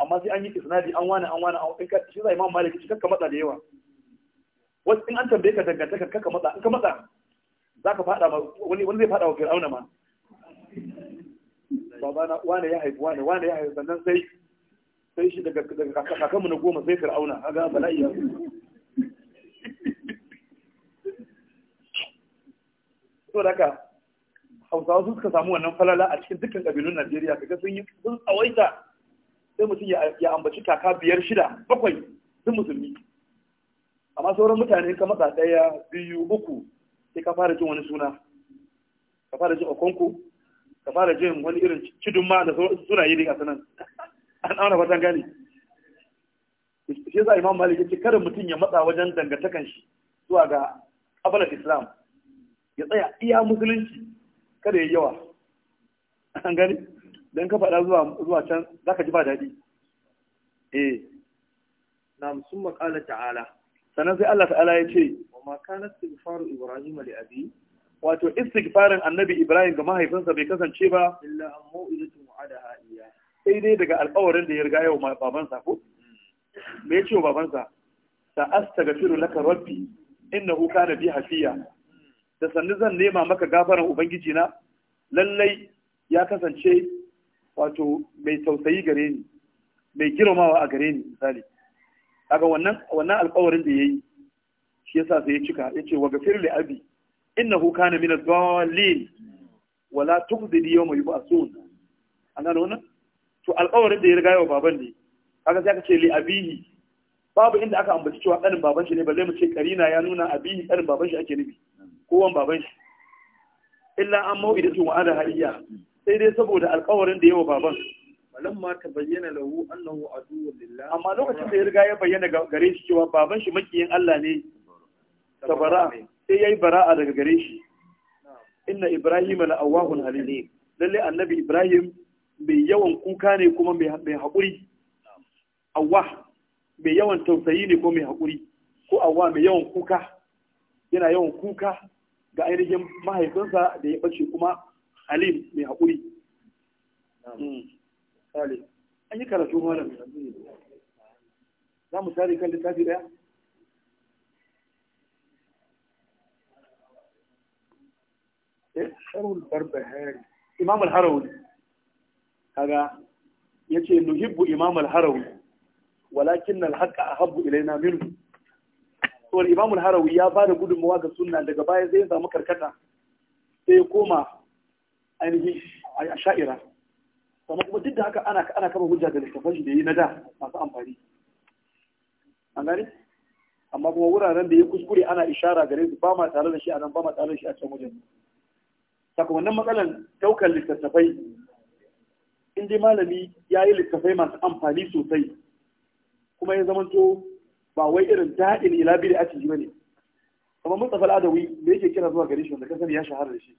amma sai an yi isnadi an wani an wani an ka shi zai ma maliki shi kakka matsa da yawa wasu in an tambaye ka dangantaka kakka matsa in ka matsa za ka fada ma wani wani zai fada wa fir'auna ma babana wani ya haifi wani wani ya haifi sannan sai sai shi daga daga kakanmu na goma sai fir'auna kaga bala'i ya to daga hausawa sun suka samu wannan falala a cikin dukkan ƙabilun najeriya kaga sun yi sun tsawaita sai mutum ya ambaci kaka biyar shida bakwai sun musulmi amma sauran mutane ka matsa ɗaya biyu uku sai ka fara jin wani suna ka fara jin okonko ka fara jin wani irin cidun ma da yi dai a sanan an auna fatan gane shi yasa imam malik ya ce kada mutum ya matsa wajen dangantakan shi zuwa ga kabalar islam ya tsaya iya musulunci kada ya yawa an gani don ka faɗa zuwa can za ka ji ba daɗi eh na musamman maƙala ta'ala sannan sai Allah ta'ala ya ce wa makana kana istighfaru ibrahim li abi wato istighfarin annabi ibrahim ga mahaifinsa bai kasance ba illa an mu'izatu mu'adaha iya sai dai daga alƙawarin da ya riga yau babansa ko hmm. me ya ce wa babansa sa astaghfiru laka rabbi innahu kana bi hafiya da sannu zan nema maka gafaran ubangiji na lallai ya kasance wato mai tausayi gare ni mai girmamawa a gare ni misali kaga wannan wannan alƙawarin da yayi shi yasa sai ya cika yace wa gafir li abi innahu kana min ad-dallin wala tuqdi yawma yub'asun an gano wannan to alƙawarin da ya riga yawa baban ne kaga sai aka ce li abihi babu inda aka ambaci cewa ɗanin baban shi ne zai mu ce karina ya nuna abihi ɗanin baban shi ake nufi kowan baban shi illa an da wa ala hayya sai dai saboda alƙawarin da yawa baban malam ma ta bayyana lahu annahu aduwwun lillah amma lokacin da ya riga ya bayyana gare shi cewa baban shi makiyin Allah ne bara. sai yayi bara'a daga gare shi inna ibrahim la awahun halim lalle annabi ibrahim mai yawan kuka ne kuma mai haƙuri awah mai yawan tausayi ne kuma mai haƙuri ko awah mai yawan kuka yana yawan kuka ga ainihin mahaifinsa da ya bace kuma halim mai haƙuri hmm. an yi karatu malam za mu tare kan littafi ɗaya eh? sharhul barbahari imam al-harawi kaga yace nuhibbu imam al-harawi walakin al-haqqa ilai na minu. to al-Imam harawi ya ba da gudunmawa ga sunna daga baya zai samu karkata sai ya koma ainihin a sha'ira sannan kuma duk da haka ana ana kama hujja da littafan shi da yi na da masu amfani an gani amma kuma wuraren da ya kuskure ana ishara gare su ba ma tare da shi a nan ba ma tare da shi a can wajen sakamakon matsalan daukar littattafai in dai malami ya yi littattafai masu amfani sosai kuma ya zamanto ba wai irin daɗin ilabi da ake yi ne kuma Mustafa al-Adawi da yake kira zuwa gari shi wanda kasan ya shahara da shi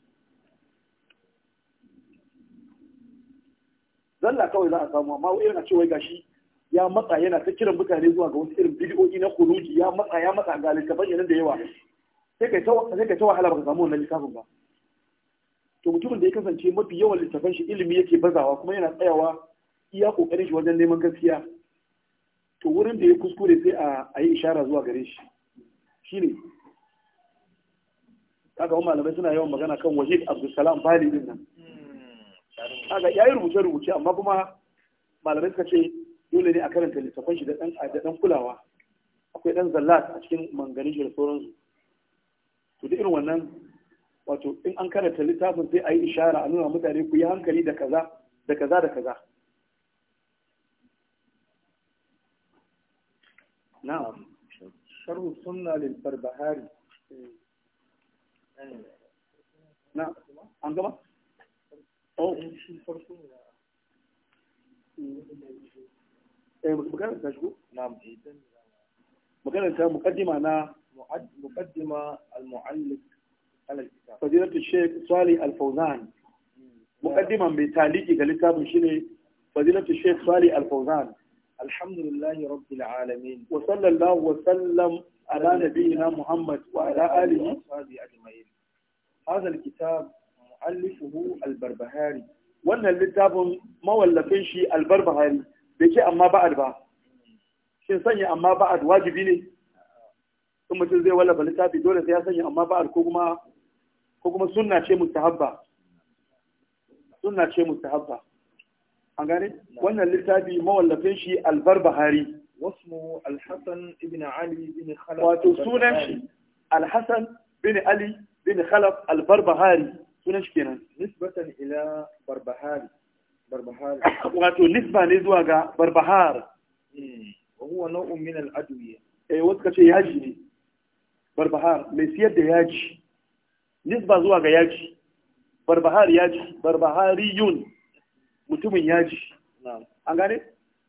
zalla kawai za a samu amma wai irin a cewa gashi ya matsa yana ta kiran mutane zuwa ga wasu irin bidiyoyi na kuruji ya matsa ya matsa ga littafan yanan da yawa sai kai ta wahala ka samu wannan littafin ba to mutumin da ya kasance mafi yawan littafan shi ilimi yake bazawa kuma yana tsayawa iya kokarin shi wajen neman gaskiya to wurin da ya kuskure sai a yi ishara zuwa gare shi shi ne kaga wani malamai suna yawan magana kan wahid abdulsalam bali din nan kaga yi rubuce rubuce amma kuma malamai suka ce dole ne a karanta littafan shi da dan kulawa akwai dan zallat a cikin manganin shi da sauransu to da irin wannan wato in an karanta littafin sai a yi ishara a nuna mutane ku yi hankali da kaza da kaza da kaza na'am sharhu sunna lil barbahari na an gaba oh na muqaddima al al-kitab fadilatu shaykh salih al ga littafin shine fadilatu shaykh alhamdulillahi rabbil alamin ala nabiyyina muhammad wa ala alihi wa wannan littafin mawallafin shi albarbahari ba shin ne in zai wallafa littafi dole sai ya an gane wannan littafi mawallafin shi Bahari. wasmu alhassan ibn ali ibn khalaf wato sunan shi alhassan bin ali bin khalaf Albar Bahari. sunan shi kenan nisbatan ila barbahari barbahari wato nisba ne zuwa ga barbahar hmm. wa huwa nau'un min al'adwiya. eh wasu kace yaji ne barbahar mai siyar da yaji nisba zuwa ga yaji barbahar yaji barbahariyun mutumin ya ji. an gane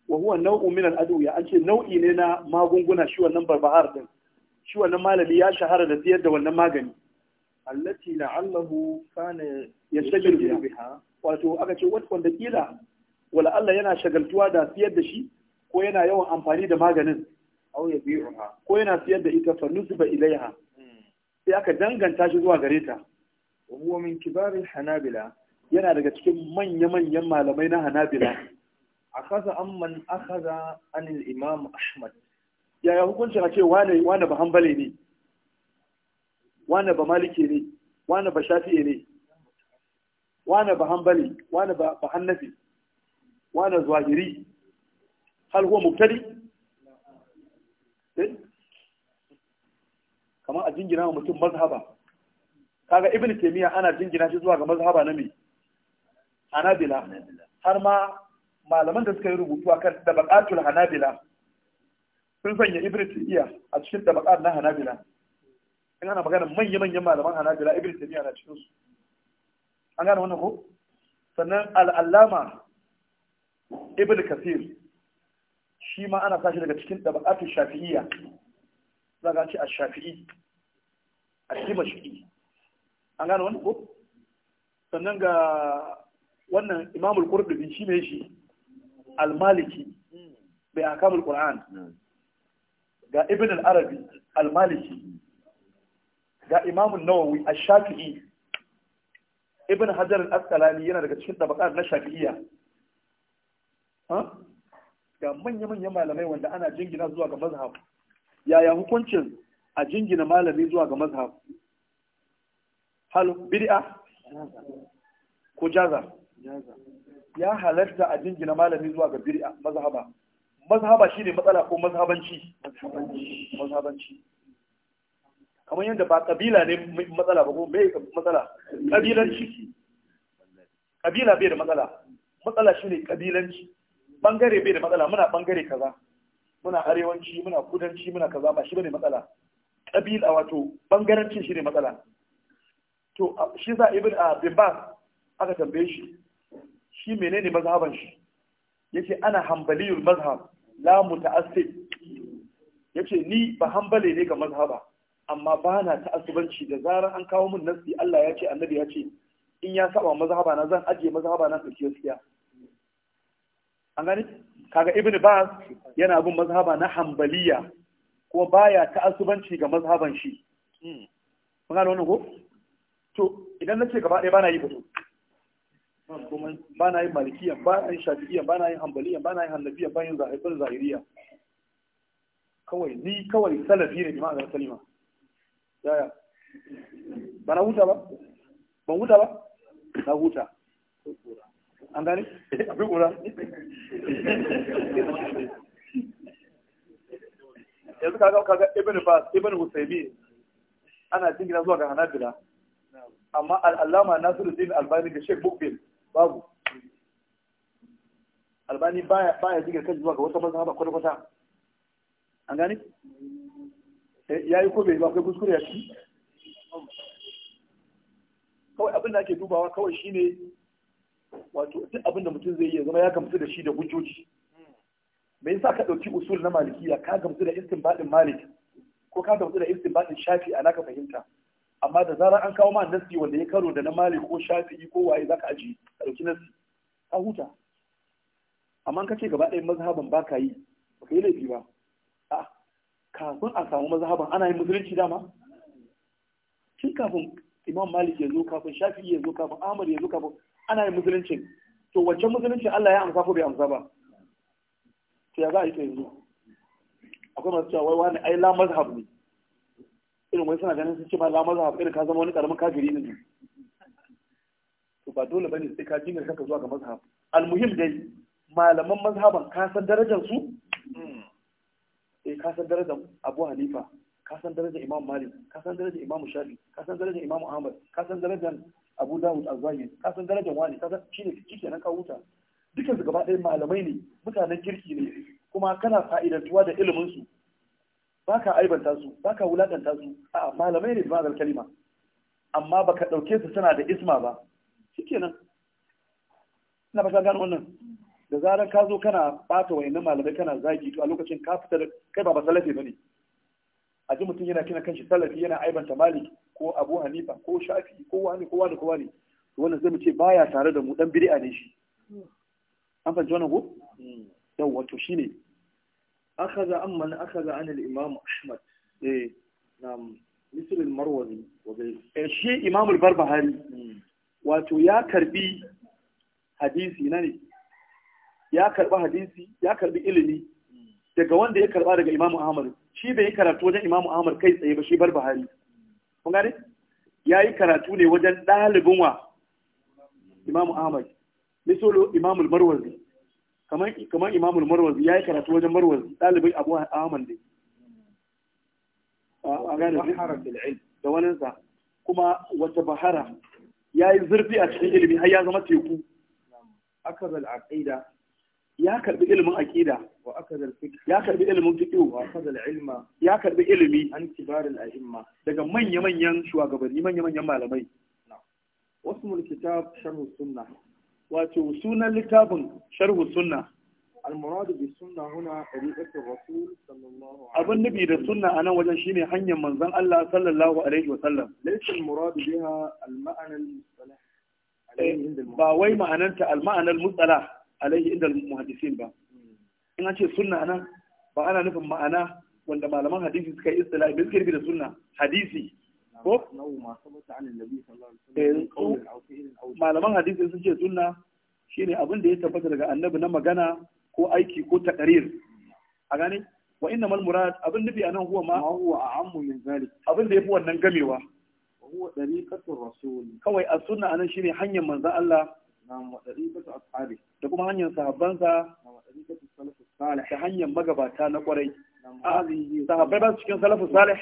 Wahuwa nau'u minan min ya. an ce nau'i ne na magunguna shi wannan barbahar din shi wannan malami ya shahara da siyar da wannan magani allati la'allahu kana yashtaghil biha wato aka ce wanda kila wala Allah yana shagaltuwa da siyar da shi ko yana yawan amfani da maganin aw yabi'uha ko yana siyar da ita fa nusiba ilaiha hmm. sai aka danganta shi zuwa gare ta Wahuwa min kibarin hanabila yana daga cikin manya-manyan malamai na hanabila akaza amman akaza anil imam ahmad yaya hukuncin a ce wane wane ba hanbali ne wane ba maliki ne wane ba shafi'i ne wane ba hanbali wane ba hannafi wane zuwahiri hal huwa Muktadi. Eh? kamar a jingina wa mutum mazhaba kaga ibn taymiya ana jingina shi zuwa ga mazhaba na me hanabila har ma malaman da suka yi rubutu akan dabaqatul hanabila sun sanya Ibrahim tafiya a cikin dabaqat na hanabila in ana magana manya manyan malaman hanabila Ibrahim tafiya na cikin su an gane wannan ko sannan al'allama ibn kasir shi ma ana sashi daga cikin dabaqatul shafi'iyya za ka ce a shafii ash mashi'i an gane wannan ko sannan ga wannan imamul qurdubi shi ne shi al-maliki bai akamul qur'an ga ibn al-arabi al-maliki ga imamul nawawi ash-shafi'i ibn hajar al-asqalani yana daga cikin tabaqat na shafi'iyya ga manya-manyan malamai wanda ana jingina zuwa ga mazhab yaya hukuncin a jingina malami zuwa ga mazhab hal bid'a ko jaza ya halarta a jingina malami zuwa ga bir'a mazhaba mazhaba shine matsala ko mazhabanci mazhabanci kamar yadda ba kabila ne matsala ba ko me matsala kabilanci kabila bai da matsala matsala shine kabilanci bangare bai da matsala muna bangare kaza muna arewanci muna kudanci muna kaza ba shi bane matsala kabila wato bangarancin shine matsala to shi za a yi bin aka tambaye shi shi menene mazhaban shi yace ana hanbaliyul mazhab la muta'assib yace ni ba hanbali ne ga mazhaba amma ba na ta'assubanci da zarar an kawo min nasi Allah ya ce annabi ya ce in ya saba mazhaba na zan ajiye mazhaba na tsaki gaskiya an gani kaga ibnu bas yana bin mazhaba na hanbaliya Ko baya ta'assubanci ga mazhaban shi mun gano wannan ko to idan nace gaba ɗaya bana yi fito ba na yin malikiya ba na yin shafi'iya ba na yin hambaliya ba na yin hannabiya ba yin zahirban zahiriya kawai ni kawai salafi ne jima'a da salima yaya ba na huta ba ban huta ba na huta an gane abin ƙura yanzu kaga kaga ibn bas ibn husaymi ana jingina zuwa ga hanabila amma al'allama nasiruddin albani da sheikh mukbil babu albani baya baya kan zuwa ga wata mazhaba kwata kwata an gani? Eh, yayi ko bai ba kai kuskure ya ci kawai abin da ake dubawa kawai shine wato duk abin da mutum zai yi zama ya gamsu da shi da hujjoji me yasa ka dauki usul na malikiya ka gamsu da istinbadin malik ko ka gamsu da istinbadin shafi a naka fahimta amma da zarar an kawo ma nasi wanda ya karo da na mali ko shafi'i ko waye zaka aji ka dauki nasi ka huta amma ka ce gaba ɗaya mazhaban ba ka yi ba ka yi laifi ba a kafin a samu mazhaban ana yin musulunci dama tun kafin imam malik ya zo kafin shafi'i ya zo kafin ahmad ya zo kafin ana yin musuluncin to wancan musuluncin allah ya amsa ko bai amsa ba to ya za a yi ta yanzu akwai masu cewa wai wani ai la mazhab ne irin wai suna ganin sun ce ba lamar zafi irin ka zama wani karamin kafiri ne to ba dole bane sai ka jingar kanka zuwa ga mazhab almuhim dai malaman mazhaban ka san darajar su eh ka san darajar Abu Hanifa ka san darajar Imam Malik ka san darajar Imam Shafi ka san darajar Imam Ahmad ka san darajar Abu Dawud Az-Zahiri ka san darajar wani ka san shine kike nan ka huta dukkan su gaba ɗaya malamai ne mutanen kirki ne kuma kana fa'idantuwa da ilimin su baka aibanta su baka wulakanta su a malamai ne ba kalima amma baka dauke su suna da isma ba shikenan ina ba gano wannan da zarar ka zo kana bata wayannan malamai kana zagi to a lokacin ka fitar kai ba salafi bane a ji mutum yana kina kanshi salafi yana aibanta malik ko abu hanifa ko shafi ko wani ko wani ko wani wannan zai mu ce baya tare da mu dan bid'a ne shi an fahimci wannan ko hmm. yawa wato shine akaza amman akaza an imam ahmad eh nam misal shi imam al-barbahari wato ya karbi hadisi ya karbi ilimi daga wanda ya karba daga imam ahmad shi bai karatu wajen imam ahmad kai tsaye ba shi barbahari kun ya yi karatu ne wajen ɗalibin wa imam ahmad misal imam al kamar kamar imamul marwazi yayi karatu wajen marwazi Dalibai abu ahmad ne a gane da wani sa kuma wata bahara yayi zurfi a cikin ilimi har ya zama teku akazal aqida ya karbi ilimin aqida wa akazal fiqh ya karbi ilimin fiqh wa akazal ilma ya karbi ilimi an kibar al a'imma daga manya manyan shugabanni manya manyan malamai wasu kitab sharh sunna wato sunan littafin sharhu sunna al-muradu bi sunna huna tariqatu rasul sallallahu alaihi abin nabi da sunna anan wajen shine hanyar manzon Allah sallallahu alaihi wa sallam laysa al-muradu biha al-ma'na al-mustalah eh, ba wai ma'ananta al-ma'na al-mustalah alaihi inda al-muhaddisin ba hmm. in an ce sunna anan ba ana nufin ma'ana wanda malaman hadisi suka yi istilahi bil kirbi da sunna hadisi ko eh, malaman hadisi sun ce sunna shine abin da ya tabbata daga annabi na magana ko aiki ko takarir a gane wa inna mal murad abin nufi anan huwa ma huwa a'ammu min zalik abin da yafi wannan gamewa huwa dariqatur rasul kawai as-sunna anan shine hanyar manzon Allah nam wa dariqatu ashabi da kuma hanyar sahabbansa wa dariqatu salafus salih da hanyar magabata na kwarai sahabbai ba su cikin salafus salih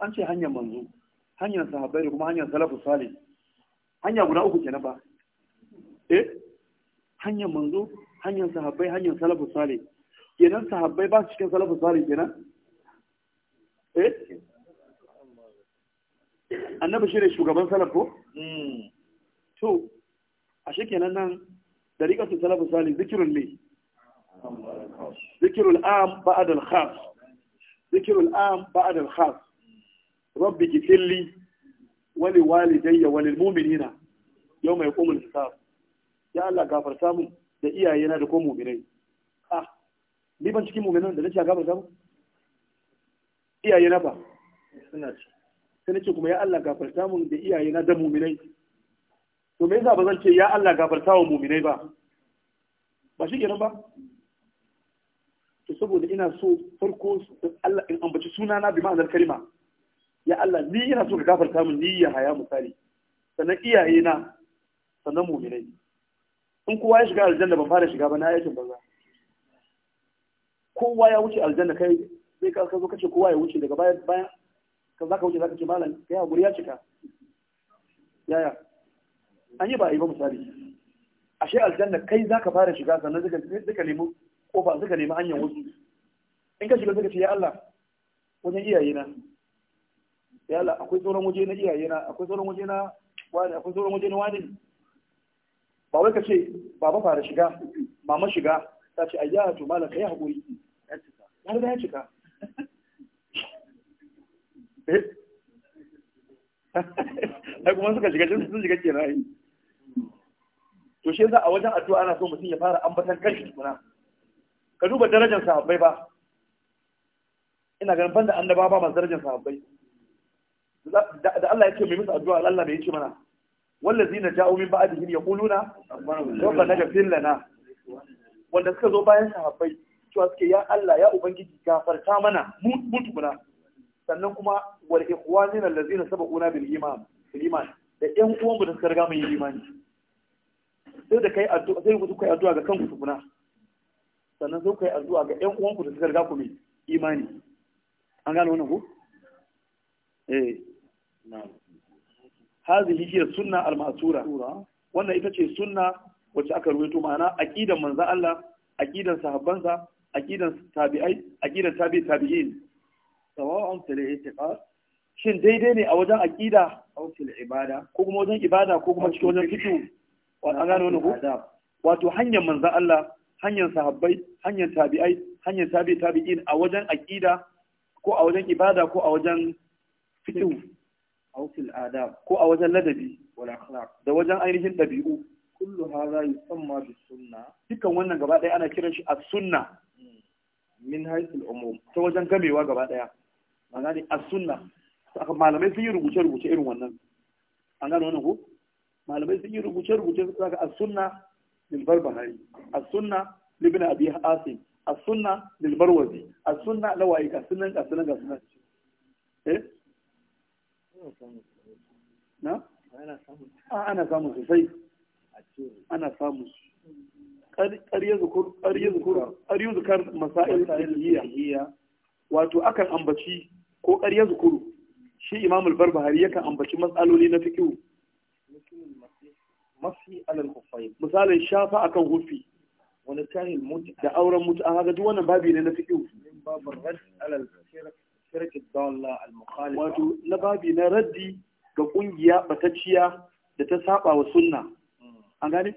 an ce hanyar manzo hanyar sahabbai da kuma hanyar salafu salih hanya guda uku kenan ba eh hanyar manzo hanyar sahabbai hanyar salafu salih kenan sahabbai ba su cikin salafu salih kenan eh annabi shi ne shugaban salaf ko hmm. to a shi kenan nan dariƙatu salafu salih zikirun ne zikirul am ba'ad al am ba'ad khas rabbi gifilli wali walidayya walil mu'minina yau mai kumul hisab ya Allah gafarta mu da iyayena da ko mu'minai ah ni ban cikin mu'minan da nace gafarta mu iyayena ba suna ci sai nace kuma ya Allah gafarta mu da iyayena da mu'minai to me yasa ba zan ce ya Allah gafarta wa mu'minai ba ba shi kenan ba to saboda ina so farko Allah in ambaci sunana bi ma'anar kalima ya Allah ni ina so ka gafarta min ni ya haya misali sannan iyaye na sannan mu'minai in kowa ya shiga aljanna ban fara shiga ba na yakin banza kowa ya wuce aljanna kai sai ka zo kace kowa ya wuce daga baya baya ka za ka wuce za ka ce malam kai ya cika yaya an yi ba a yi ba misali ashe aljanna kai za ka fara shiga sannan zaka nemi kofa zaka nemi hanyar wasu in ka shiga suka ce ya Allah wajen iyaye na yala akwai sauran waje na iyaye na akwai sauran waje na wani akwai sauran waje na wani ba wai kace baba fara shiga mama shiga ta ce ayya to malam kai hakuri har da ya cika eh ai kuma suka shiga sun shiga kenan ai to shi yasa a wajen addu'a ana so mutum ya fara ambatan kanshi tukuna ka duba darajar sahabbai ba ina ganin banda annaba ba masu darajar sahabbai da Allah yake mai musu addu'a Allah bai yake mana wallazina ja'u min ba'dihim yaquluna rabbana ghfir lana wanda suka zo bayan sahabbai cewa suke ya Allah ya ubangiji gafarta mana mutu muna sannan kuma wal ikhwanin allazina sabaquna bil iman bil iman da ƴan uwanmu da suka riga mu yi imani sai da kai addu'a sai ku kai addu'a ga kanku tukuna sannan zo kai addu'a ga ƴan uwanku da suka riga ku mai imani an gano wannan ku? eh hazihi hiya sunna almasura. wannan ita ce sunna wacce aka ruwaito ma'ana aqidan manza Allah aqidan sahabbansa aqidan tabi'ai aqidan tabi tabi'in sawa'un fil i'tiqad shin daidai ne a wajen aqida aw fil ibada ko kuma wajen ibada ko kuma cikin wajen fitu an gano ne wato hanyar manza Allah hanyar sahabbai hanyar tabi'ai hanyar tabi tabi'in a wajen aqida ko a wajen ibada ko a wajen fitu aw adab ko a wajen ladabi wal akhlaq da wajen ainihin dabi'u kullu hadha yusamma bis sunna dukan wannan gaba daya ana kiran shi as sunna min haythul umum ta wajen gamewa gaba daya ma'ana as sunna malamai sun yi rubuce rubuce irin wannan an gano wannan ko malamai sun yi rubuce rubuce suka ga as sunna lil barbahari as sunna libn abi hasim as sunna lil barwazi as sunna lawaika sunan ga sunan ga sunan eh na? ana samun sosai ah, ana samun ƙaryar zukar masa'il ilmiya wato akan ambaci ko ƙaryar zukuru shi imamul barbahari yakan ambaci matsaloli na fiƙiu mafi alal hufai misalin shafa akan hufi wani tahil da auren mutu A haka duk wannan babi ne na fiƙiu shirki dalla al mukhalifa wato na na raddi ga kungiya batacciya da ta saba wa sunna hmm. an gane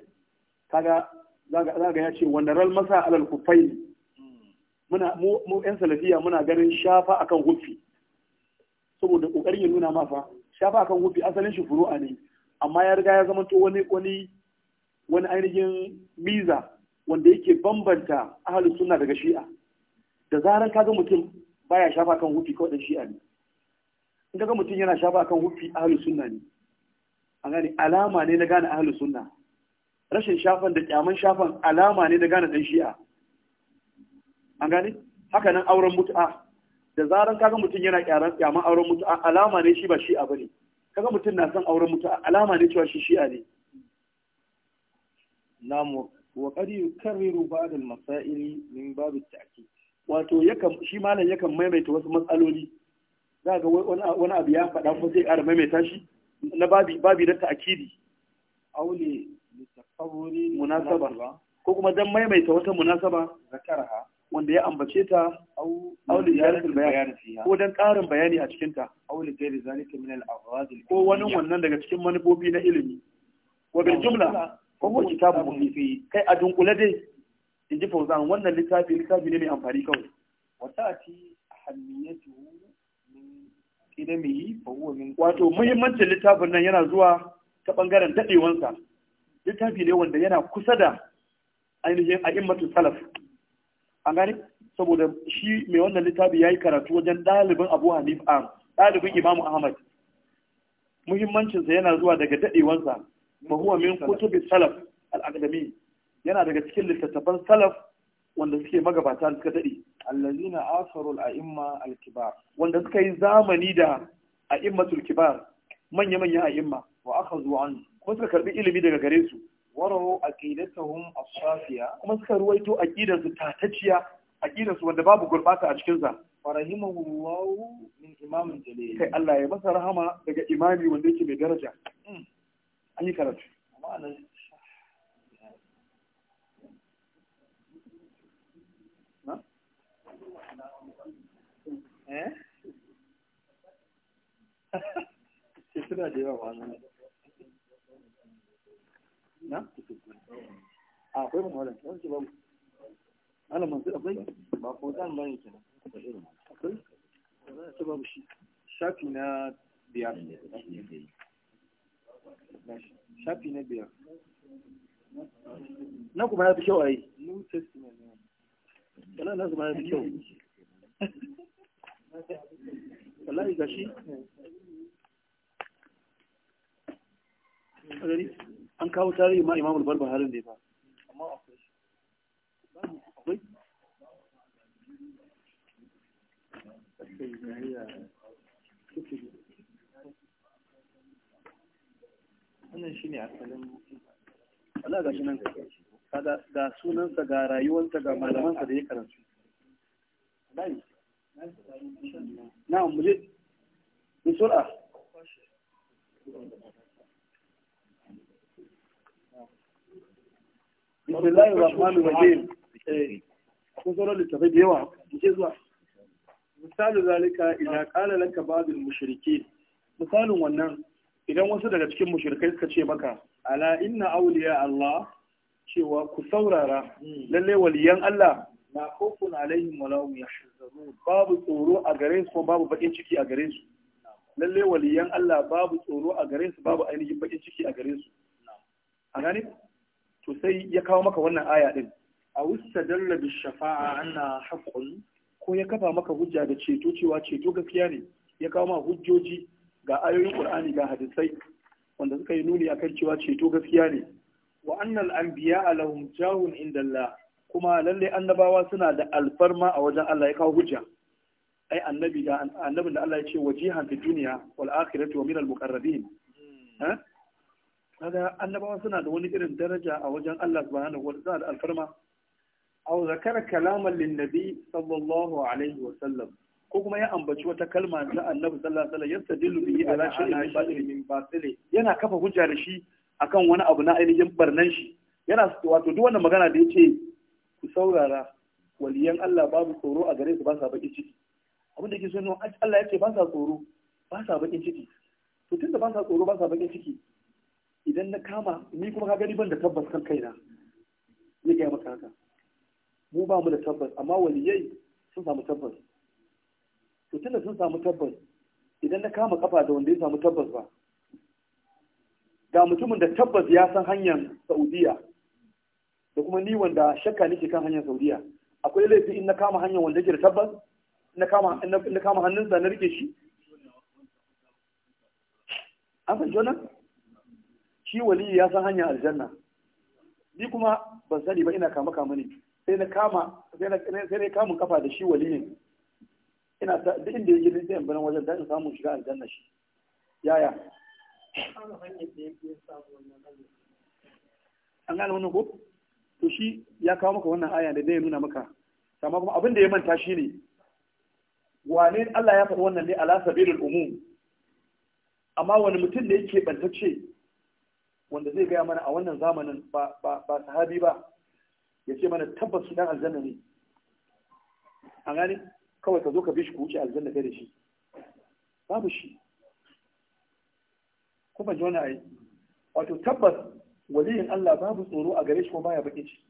kaga zaga zaga ya wanda ral masa alal kufai hmm. muna mu yan salafiya muna ganin shafa akan hufi saboda kokarin ya nuna ma fa shafa akan hufi asalin shi furu'a ne amma ya riga ya zama to wani wani wani ainihin miza wanda yake bambanta ahalus sunna daga shi'a da zaran kaga mutum baya shafa kan hufi kawai dan shi'a ne in ga mutum yana shafa kan hufi ahlus sunna ne an gane alama ne na gane ahlus sunna rashin shafan da kyaman shafan alama ne na gane dan shi'a an gane haka nan auren mutu'a da zaran kaga mutum yana kyaran kyaman auren mutu'a alama ne shi ba shi'a bane kaga mutum na son auren mutu'a alama ne cewa shi shi'a ne namu ba'd al بعض min bab باب takid wato shi malam yakan maimaita wasu matsaloli za ga wani abu ya faɗa ko sai ƙara maimaita shi na babi babi na ta'akidi aule mutafarruri munasaba ko kuma dan maimaita wata munasaba zakaraha wanda ya ambace ta aule ziyaratul bayan ko dan ƙarin bayani a cikin ta aule gairi zalika min al aghrad ko wani wannan daga cikin manufofi na ilimi wa bil jumla ko kitabu mufi kai a dunkule dai in ji fauzan wannan littafi littafi ne mai amfani kawai wata a ci hamiyatu min qidamihi fa huwa min wato muhimmancin littafin nan yana zuwa ta ɓangaren daɗewansa. littafi ne wanda yana kusa da ainihin a immatu salaf an gani saboda shi mai wannan littafi ya yi karatu wajen ɗalibin abu hanif a ɗalibin imamu ahmad muhimmancinsa yana zuwa daga daɗewansa ma huwa min kutubi salaf al-aqdami yana daga cikin littattafan salaf wanda suke magabata suka daɗe allazina asarul a'imma al-kibar wanda suka yi zamani da a'immatul kibar manya manya a'imma wa aka zuwa an kuma suka karbi ilimi daga gare su warau aqidatuhum as-safiya kuma suka ruwaito aqidarsu tatacciya aqidarsu wanda babu gurbata a cikin sa farahimahullahu min imamin jalil kai Allah ya masa rahama daga imami wanda yake mai daraja hmm. an yi karatu eh suna da yawa na a ah, akwai mun wani ce su akwai ba ko zan bane shi shafi na biyar shafi na biyar na kuma ya fi kyau a yi new testament ne kuma ya fi kyau wallahi gashi an kawo tarihi ma imamul barbaharin ne ba amma akwai wannan shi ne asalin ga shi nan ga sunansa ga rayuwarsa ga malamansa da ya karantu. نعم مجد بسرعة بسم الله الرحمن الرحيم kun da yawa zuwa misalin zalika laka mushriki misalin wannan idan wasu daga cikin mushrikai suka ce maka ala inna awliya Allah cewa ku saurara hmm. lalle waliyan Allah la khawfun alaihim wa ya babu tsoro a gare su babu bakin ciki a gare su lalle waliyan Allah babu tsoro a gare su babu ainihin bakin ciki a gare su a gani to sai ya kawo maka wannan aya din a wusta dalla bi shafa'a anna haqqun ko ya kafa maka hujja da ceto cewa ceto gaskiya ne ya kawo maka hujjoji ga ayoyin Qur'ani ga hadisai wanda suka yi nuni akan cewa ceto gaskiya ne wa annal anbiya lahum jahun inda Allah kuma lalle annabawa suna da alfarma a wajen Allah ya kawo hujja ai annabi da annabin da Allah ya ce wajihan fi duniya wal akhirati wa min al muqarrabin hmm. eh? kaga annabawa suna da wani irin daraja a wajen Allah subhanahu wa ta'ala alfarma aw zakara kalaman lin nabi sallallahu alaihi wa sallam ko kuma ya ambaci wata kalma ta annabi sallallahu alaihi wa sallam yastadillu bihi ala shay'in min batili yana kafa hujja da shi akan wani abu na ainihin barnan shi yana wato duk wannan magana da yace ku saurara waliyan Allah babu tsoro a gare su ba sa bakin ciki abinda da ke so Allah yake ba sa tsoro ba sa bakin ciki to da ba sa tsoro ba sa bakin ciki idan na kama ni kuma ka gani ban da tabbas kan kaina zai gaya maka haka mu ba mu da tabbas amma waliyai sun samu tabbas to da sun samu tabbas idan na kama kafa da wanda ya samu tabbas ba ga mutumin da tabbas ya san hanyar saudiya da kuma ni wanda shakka nake kan hanyar saudiya akwai laifi in na kama hanyar wanda ke da tabbas na kama na kama hannunsa na rike shi an san jonan shi wali ya san hanyar aljanna ni kuma ban sani ba ina kama kama ne sai na kama sai na sai na kamun kafa da shi wali ne. ina ta duk inda yake ne zai in bana wajen dan samu shiga aljanna shi yaya an gane wannan ko to shi ya kawo maka wannan aya da ya nuna maka amma kuma abin da ya manta shi ne wane Allah ya faɗi wannan ne ala sabilul umum amma wani mutum da yake bantacce wanda zai gaya mana a wannan zamanin ba ba ba sahabi ba ya ce mana tabbas su dan aljanna ne an gane kawai ka zo ka bi shi ku wuce aljanna kai da shi babu shi ban ji wani ayi wato tabbas waliyin Allah babu tsoro a gare shi kuma baya bakin ci,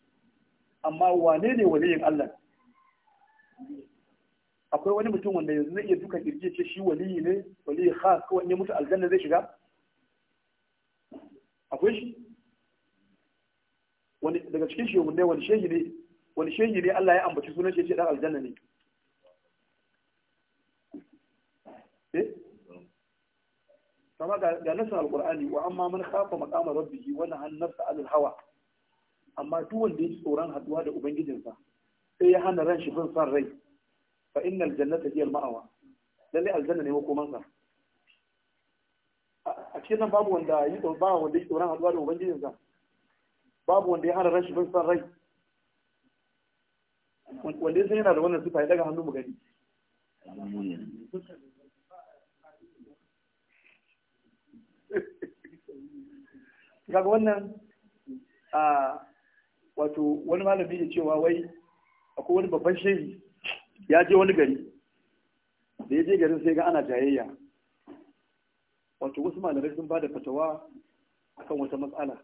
amma wane ne waliyin Allah akwai wani mutum wanda yanzu zai iya duka kirje ce shi waliyi ne waliyi khas ko ne mutu aljanna zai shiga akwai shi wani daga cikin shehu ne wani shehi ne wani shehi ne Allah ya ambaci sunan shi ya ce dan aljanna ne kama ga nasin alkur'ani wa amma man kafa maqama rabbihi wa nahana nafsa anil hawa amma duk wanda yake tsoron haduwa da ubangijinsa sai ya hana ran shi bin san rai fa innal jannata hiya al-ma'wa lalle aljanna ne makomansa a cikin nan babu wanda yi ba wanda yake tsoron haduwa da ubangijinsa babu wanda ya hana ran shi bin san rai wanda ya yana da wannan sifa ya daga hannun mu gani kaga wannan a wato wani malami ya cewa wai akwai wani babban shehi ya je wani gari da ya je garin sai ga ana jayayya wato wasu malamai sun bada fatawa akan wata matsala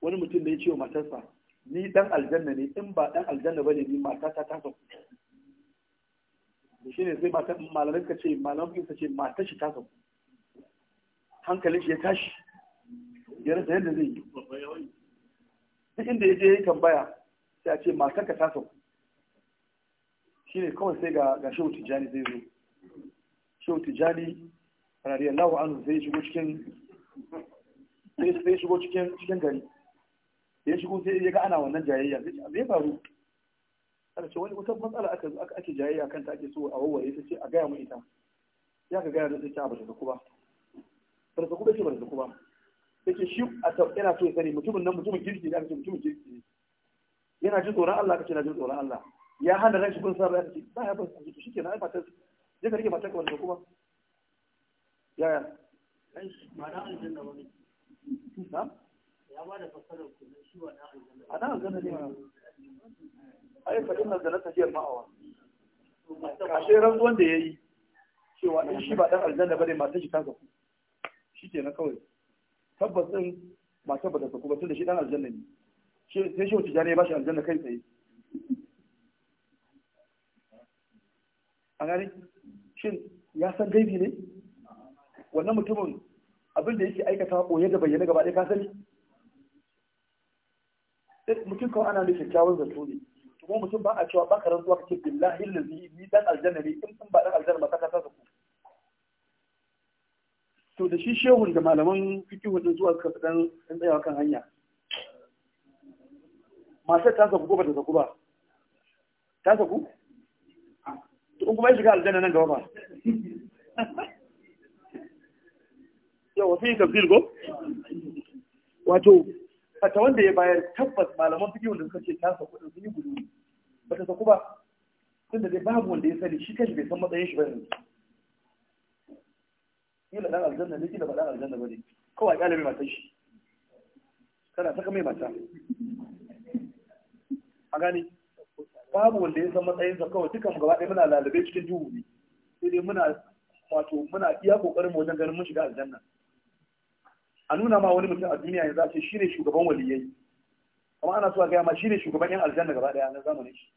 wani mutum da ya ce wa matarsa ni dan aljanna ne in ba dan aljanna bane ni matata ta sauku shi ne sai malamai suka ce malamai suka ce matar shi ta sauku hankalin shi ya tashi ya rasa yadda zai yi duk inda ya je ya tambaya sai a ce matan ka ta sauku shi ne kawai sai ga ga shehu tijjani zai zo shehu tijjani radiyallahu anhu zai shigo cikin sai shigo cikin cikin gari ya shigo sai ya ga ana wannan jayayya sai me ya faru aka ce wani wata matsala aka ake jayayya kanta ake so a wawaye ta ce a gaya mu ita ya ka gaya da sai ta ba ta zaku ba ba ta zaku ba ce ba ta zaku ba yake shi a yana so ya sani mutumin nan mutumin kirki ne aka mutumin kirki ne yana jin tsoron Allah aka na jin tsoron Allah ya hana ran shi bin sa ya ba ya bin ai ya ka rike fatar ka kuma ya ba da shi wa na ne ai tafiyar ma'awa kashe rantsuwan da yayi cewa shi ba dan aljanna bane matan shi ta shi kenan kawai tabbas din matar ba ta saku ba tunda shi dan aljanna ne sai shi tijani ya bashi aljanna kai tsaye a gani shin ya san gaibi ne wannan mutumin abin da yake aikata koye da bayyana gaba ɗaya ka sani eh, mutum kawai ana nufin kyawun zato ne kuma mutum ba a cewa ba ka rantsuwa kake billahi lillahi ni dan aljanna ne in ba dan aljanna ba ka ta ku. to da shi shehun da malaman fikihu din zuwa suka dan dan tsayawa kan hanya Masu ta saku ko ba ta saku ba ta saku to kuma ya shiga aljanna nan gaba ba yawa sai tafsir go wato ta wanda ya bayar tabbas malaman fikihu da suka ce ta saku din sun yi gudu ba ta saku ba tunda dai babu wanda ya sani shi kashi bai san matsayin shi ba yanzu kila dan aljanna ne kila ba dan aljanna bane kawai kyale matan shi kana saka mai mata a gani babu wanda ya san matsayin sa kawai dukan gaba ɗaya muna lalube cikin duhu ne sai dai muna wato muna iya kokarin wajen ganin mun shiga aljanna a nuna ma wani mutum a duniya yanzu a ce shine shugaban waliyai amma ana so a gaya ma shine shugaban yan aljanna gaba ɗaya na zamanin shi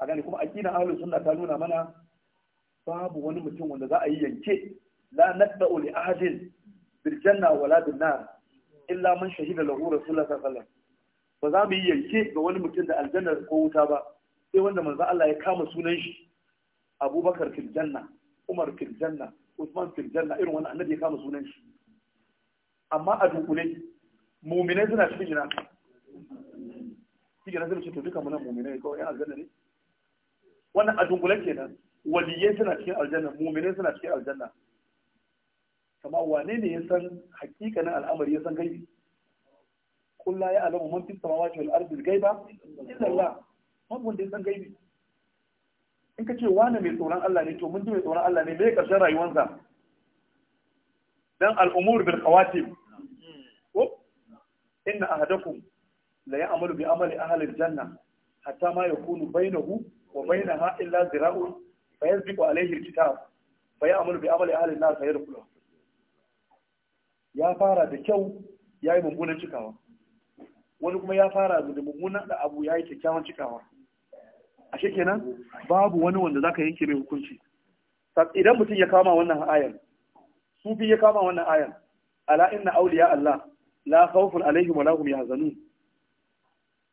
a gani kuma aqida ahlus sunna ta nuna mana babu wani mutum wanda za a yi yanke la nadda li ahadin bil janna wala bil nar illa man shahida lahu rasulullah sallallahu alaihi wasallam ba za mu yi yanke ga wani mutum da aljanna ko wuta ba sai wanda manzo Allah ya kama sunan shi Abubakar fil janna Umar fil janna Usman fil janna irin wannan annabi ya kama sunan shi amma a dukule mu'minai suna cikin jira cikin jira zai ce to duka muna mu'minai kawai yan aljanna ne wannan a dukule kenan waliyai suna cikin aljanna muminai suna cikin aljanna kama wane ne ya san hakikanin al'amari ya san gaibi kulla ya alamu man fi samawati wal ardi gaiba illa Allah man wanda ya san gaibi in ka ce wane mai tsoron Allah ne to mun ji mai tsoron Allah ne me karshen rayuwarsa dan al'umur bil qawatim ko inna ahadakum la ya'malu bi amali ahli al-janna hatta ma yakunu bainahu wa bainaha illa zira'un fa yasbiqu alayhi alkitab fa ya'malu bi amali ahli an-nar fa yadkhulu ya fara da kyau yayi mummunan cikawa wani kuma ya fara da mummunan da abu yayi kyakkyawan cikawa ashe kenan babu wani wanda zaka yanke mai hukunci idan mutum ya kama wannan ayan su bi ya kama wannan ayan ala inna awliya Allah la khawfun alaihim wa lahum yahzanun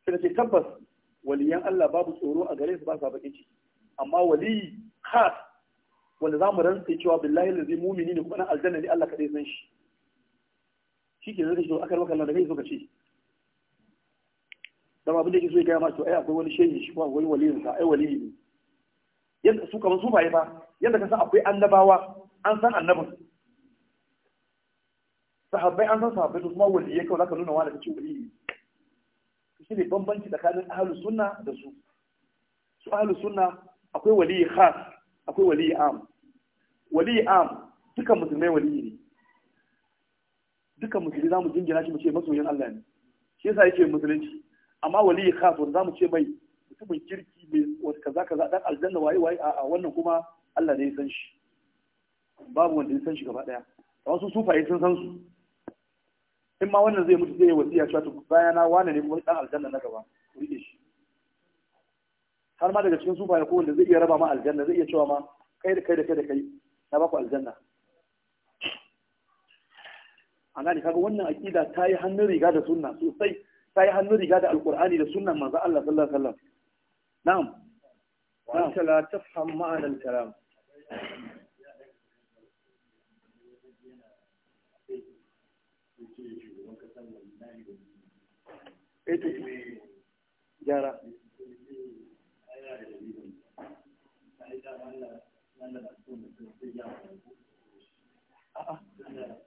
sai da tabbas waliyan Allah babu tsoro a gare su ba sa bakin ciki amma waliyi khas wanda za mu rantsa cewa billahi lazi mumini ne kuma na aljanna ne Allah kaɗai san shi shi ke zaka shi aka maka Allah da kai so ka ce da abin da yake so ya gaya ma to ai akwai wani shehi shi ko akwai waliyin sa ai wali ne yanda su kamar su baye ba yanda ka san akwai annabawa an san annabin sahabbai an san sahabbai to kuma waliyai kawai zaka nuna wani kace waliyi shi ne bambanci tsakanin ahlus sunna da su su ahlus sunna akwai wali khas akwai waliyi am waliyi am dukan musulmai waliyi ne dukan musulmi zamu jingina shi mu ce masoyin Allah ne shi yasa yake musulunci amma waliyi khas wanda zamu ce mai mutumin kirki mai wata kaza kaza dan aljanna waye waye a wannan kuma Allah ne ya san shi babu wanda ya san shi gaba daya wasu sufaye sun san su in ma wannan zai mutu zai wasiya cewa to bayana wane ne kuma dan aljanna na gaba ku rike shi har ma daga cikin sufaye ko wanda zai iya raba ma aljanna zai iya cewa ma kai da kai da kai da kai na baku aljanna a gani kaga wannan aqida ta yi hannun riga da sunna sosai ta yi hannun riga da alqur'ani da sunnan manzo Allah sallallahu alaihi wasallam na'am wa anta la tafham ma'ana al-kalam eh to gyara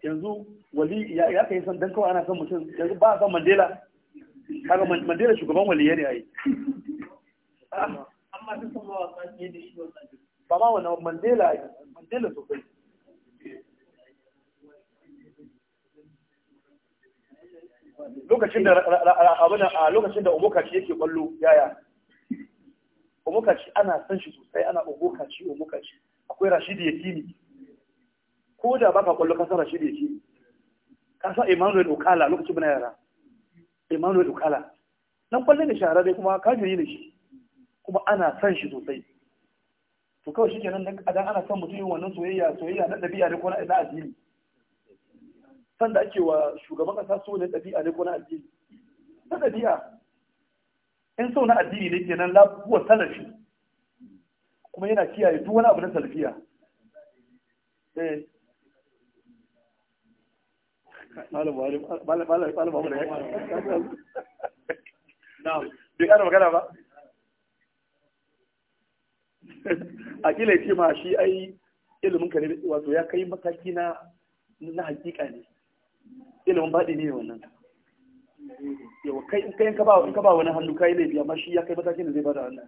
yanzu wali ya kai san dan kawai ana son mutum yanzu ba a san mandela kaga mandela shugaban wali ya ne ai amma sun san mawaka ne da shi wannan ba ma wannan mandela mandela sosai lokacin da abin a lokacin da obokaci yake kwallo yaya omokaci ana san shi sosai ana omokaci omokaci akwai rashidi yatimi ko da baka kwallo kasar san rashidi yatimi ka san emmanuel okala lokacin bana yara emmanuel okala nan kwallo ne shahara dai kuma kajo yi ne shi kuma ana san shi sosai to kawai ke nan adan ana san mutum wannan soyayya soyayya na dabi'a ne ko na addini san da ake wa shugaban kasa so ne dabi'a ne ko na addini na dabi'a in so na addini ne kenan la huwa salafi kuma yana kiyaye duk wani abu na salafiya eh bai magana ba a kila ce ma shi ai ilimin ka ne wato ya kai mataki na na hakika ne ilimin baɗi ne wannan yawa kai in kai ba in ka ba wani hannu kai laifi amma shi ya kai matakin da zai bada hannu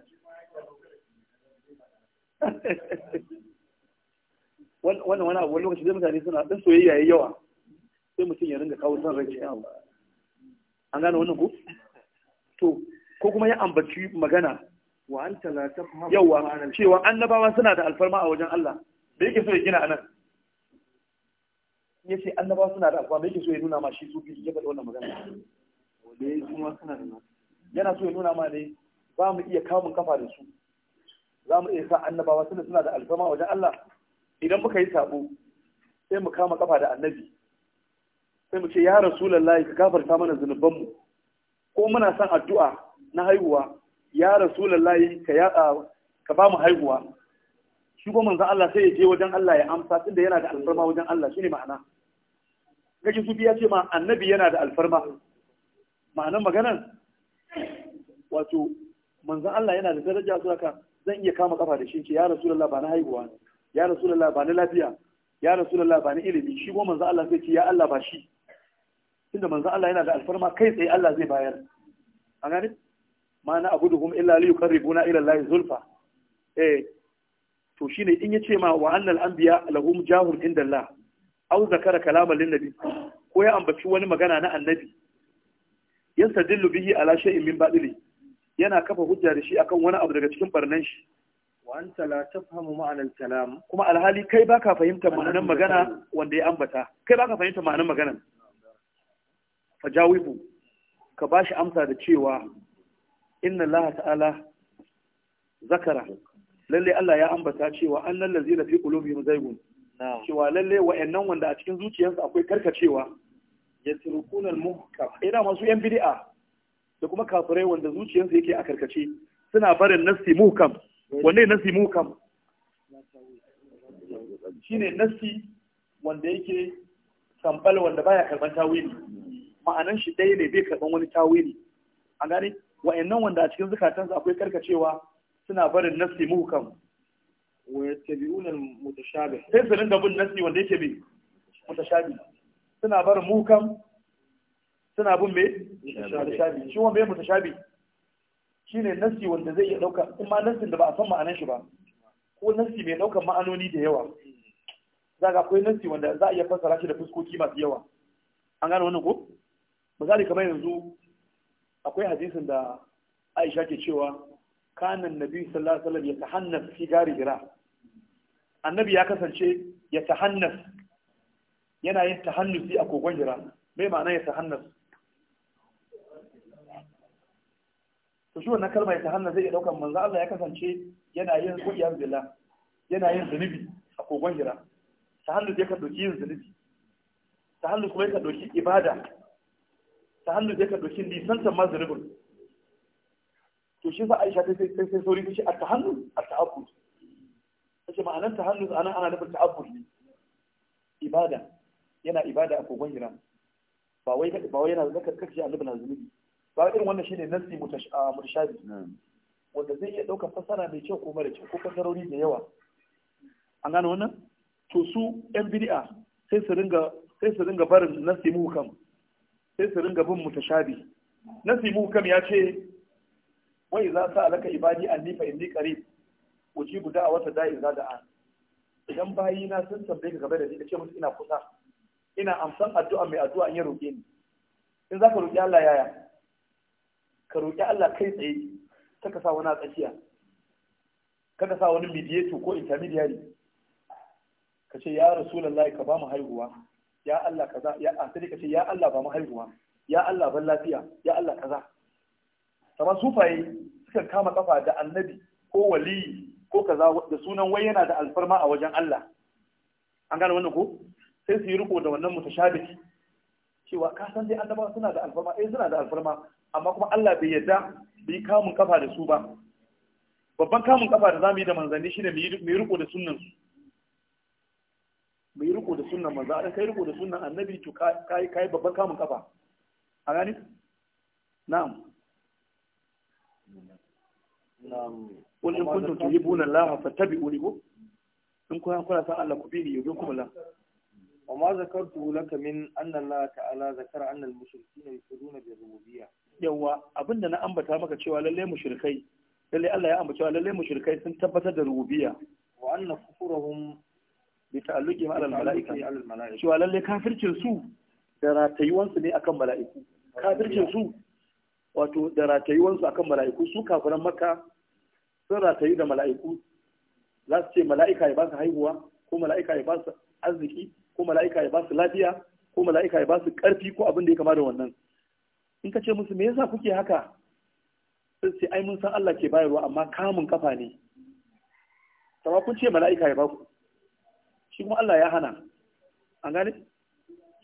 wannan wani abu wani lokaci zai mutane suna ɗan soyayya yayi yawa sai mutum ya ringa kawo son rai cikin abu an gane wannan ku? to ko kuma ya ambaci magana wa anta la tafhamu yawa cewa annabawa suna da alfarma a wajen Allah da yake so ya gina anan yace annabawa suna da alfarma yake so ya nuna ma shi su sufi ya faɗi wannan magana da yana so ya nuna ma ne ba mu iya kamun kafa da su za mu iya sa annabawa suna suna da alfama wajen Allah idan muka yi sabo sai mu kama kafa da annabi sai mu ce ya rasulullahi ka gafarta mana zunubanmu ko muna son addu'a na haihuwa ya rasulullahi ka ya ka ba mu haihuwa shi ko manzon Allah sai ya je wajen Allah ya amsa tunda yana da alfarma wajen Allah shine ma'ana gaji su biya ce ma annabi yana da alfarma ma'anar maganar wato manzan Allah yana da daraja su haka zan iya kama kafa da shi ce ya rasulullah ba na haihuwa ya rasulullah ba na lafiya ya rasulullah ba na ilimi shi ko manzan Allah zai ce ya Allah ba shi tunda manzan Allah yana da alfarma kai tsaye Allah zai bayar an gane ma'ana abuduhum illa li yuqarribuna ila Allah zulfa eh to shine in ya ce ma wa annal anbiya lahum jahun indallah Allah au zakara kalamal linnabi ko ya ambaci wani magana na annabi dillu bihi ala shay'in min ba'dili yana kafa hujja da shi akan wani abu daga cikin barnan shi wa anta la tafhamu al kalam kuma alhali kai baka fahimta ma'anar magana wanda ya ambata kai baka fahimta ma'anar magana fajawibu ka bashi amsa da cewa inna allaha ta'ala zakara lalle Allah ya ambata cewa annal ladzina fi qulubihim zaygun cewa lalle wa'annan wanda a cikin zuciyarsu akwai karkacewa yatrukunal muhkam eh, ina masu yan bid'a da kuma kafirai wanda zuciyarsu yake a karkace suna barin nasi muhkam wanne nasi muhkam shine nasi wanda yake sambal wanda baya karban tawili ma'anan shi ɗaya ne bai karban wani tawili a gane wa'annan wanda a cikin zukatansu akwai karkacewa suna barin nasi muhkam wa yattabi'una al-mutashabih sai sanin da bin nasi wanda yake bi mutashabih suna bar mukan suna bin me mutashabi shi wanda ya mutashabi shine nasi wanda zai iya ɗauka? in ma nasin da ba a san ma'anan shi ba ko nasi mai ɗaukan ma'anoni da yawa za ga akwai nasi wanda za a iya fassara shi da fuskoki masu yawa an gane wannan ko misali kamar yanzu akwai hadisin da Aisha ke cewa kanan nabi sallallahu alaihi wasallam ya tahannaf fi gari jira. annabi ya kasance ya tahannaf yana yin tahannusi a kogon hira mai ma'ana ya tahannas to shi wannan kalma ya tahannas zai iya daukan manzo Allah ya kasance yana yin kuyan bila yana yin zunubi a kogon hira tahannus ya ka doki yin zunubi tahannus kuma ya ka doki ibada tahannus ya ka doki nisantar ma zunubin to shi sa Aisha ta sai sai sauri kace at-tahannus at ta kace ma'anar tahannus ana ana nufin ta'abbud ibada yana ibada a kogon hira ba wai ba wai yana zaka kace annabi na zunubi ba irin wannan shine nasi mutashabi wanda zai iya daukar fasara mai kyau ko mara kyau ko fasarori da yawa an gano wannan to su yan bid'a sai su ringa sai su ringa barin nasi muhkam sai su ringa bin mutashabi nasi muhkam ya ce wai za sa alaka ibadi anni fa inni qarib a wata da'i za da'an idan bayina sun tambaye ka gaba da ni ce musu ina kusa ina amsan addu'a mai addu'a in ya roƙe ni in za ka roƙi Allah yaya ka roƙi Allah kai tsaye kaka sa wani a tsakiya kaka sa wani mediator ko intermediary ka ce ya rasulullahi ka ba mu haihuwa ya Allah kaza ya asali ka ce ya Allah ba mu haihuwa ya Allah ban lafiya ya Allah kaza Sama sufaye sukan kama kafa da annabi ko waliyi ko kaza da sunan wai yana da alfarma a wajen Allah an gane wannan ko sai su yi riko da wannan mutashabihi cewa ka san dai annabawa suna da alfarma eh suna da alfarma amma kuma Allah bai yarda bai kamun kafa da su ba babban kamun kafa da zamu yi da manzanni shine mu yi riko da sunnan su mu yi riko da sunnan manzo an kai riko da sunnan annabi to kai kai babban kamun kafa a gani na'am na'am qul in kuntum tuhibbuna ni ko? in kuna kuna san Allah ku bi ni yubin kuma Allah wa ma zakartu laka min anna Allah ta'ala zakara anna al-mushrikeena yusirruna bi rububiyyah yawa abinda na ambata maka cewa lalle mushrikai lalle Allah ya ambata cewa lalle mushrikai sun tabbatar da rububiyya wa anna kufurahum bi ta'alluqi ma'al malaika cewa lalle kafircin su da ratayuwansu ne akan mala'iku kafircin su wato da ratayuwansu akan mala'iku su kafiran makka sun ratayi da mala'iku za su ce mala'ika ya ba su haihuwa ko mala'ika ya ba su arziki ko mala'ika ya ba su lafiya ko mala'ika ya ba su ƙarfi ko abin da ya kama da wannan in ka ce musu me yasa kuke haka sai ai mun san Allah ke bayarwa amma kamun kafa ne kuma kun ce mala'ika ya ba ku shi kuma Allah ya hana an gane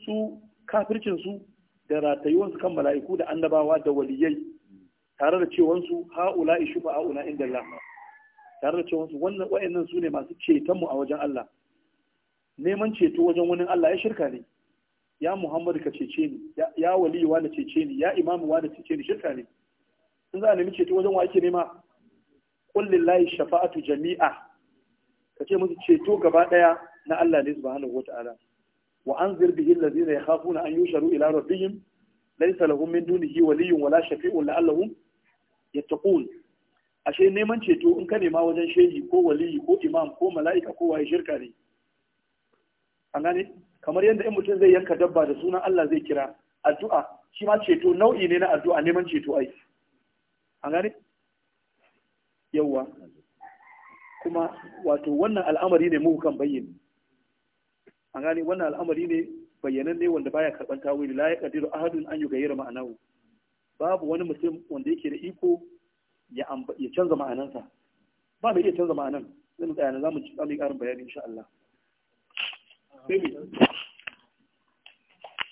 su kafircin su da ratayuwansu kan mala'iku da annabawa da waliyai tare da cewansu su ha'ula'i shufa'a'una inda Allah tare da cewansu wannan wayannan su ne masu cetonmu a wajen Allah neman ceto wajen wani Allah ya shirka ne ya Muhammadu ka cece ni ya waliyu wa da cece ni ya imamu wa da cece ni shirka ne in za a nemi ceto wajen wa ake nema qul lillahi shafa'atu jami'a ka ce musu ceto gaba daya na Allah ne subhanahu wata'ala wa anzir bihi allazina yakhafuna an yusharu ila rabbihim laysa lahum min dunihi waliyyun wala shafi'un la'allahum yattaqun ashe neman ceto in ka nema wajen shehi ko waliyi ko imam ko mala'ika ko waye shirka ne an gane kamar yadda in mutum zai yanka dabba da sunan Allah zai kira addu'a shi ma ceto nau'i ne na addu'a neman ceto ai an gane Yawwa, kuma wato wannan al'amari ne mu kan bayyana an gane wannan al'amari ne bayyanan ne wanda baya karban tawili la yaqdiru ahadun an yughayyira ma'anahu babu wani mutum wanda yake da iko ya canza ma'anansa ba mai iya canza ma'anan zan tsaya na zamu ci zamu yi karin bayani insha Allah sai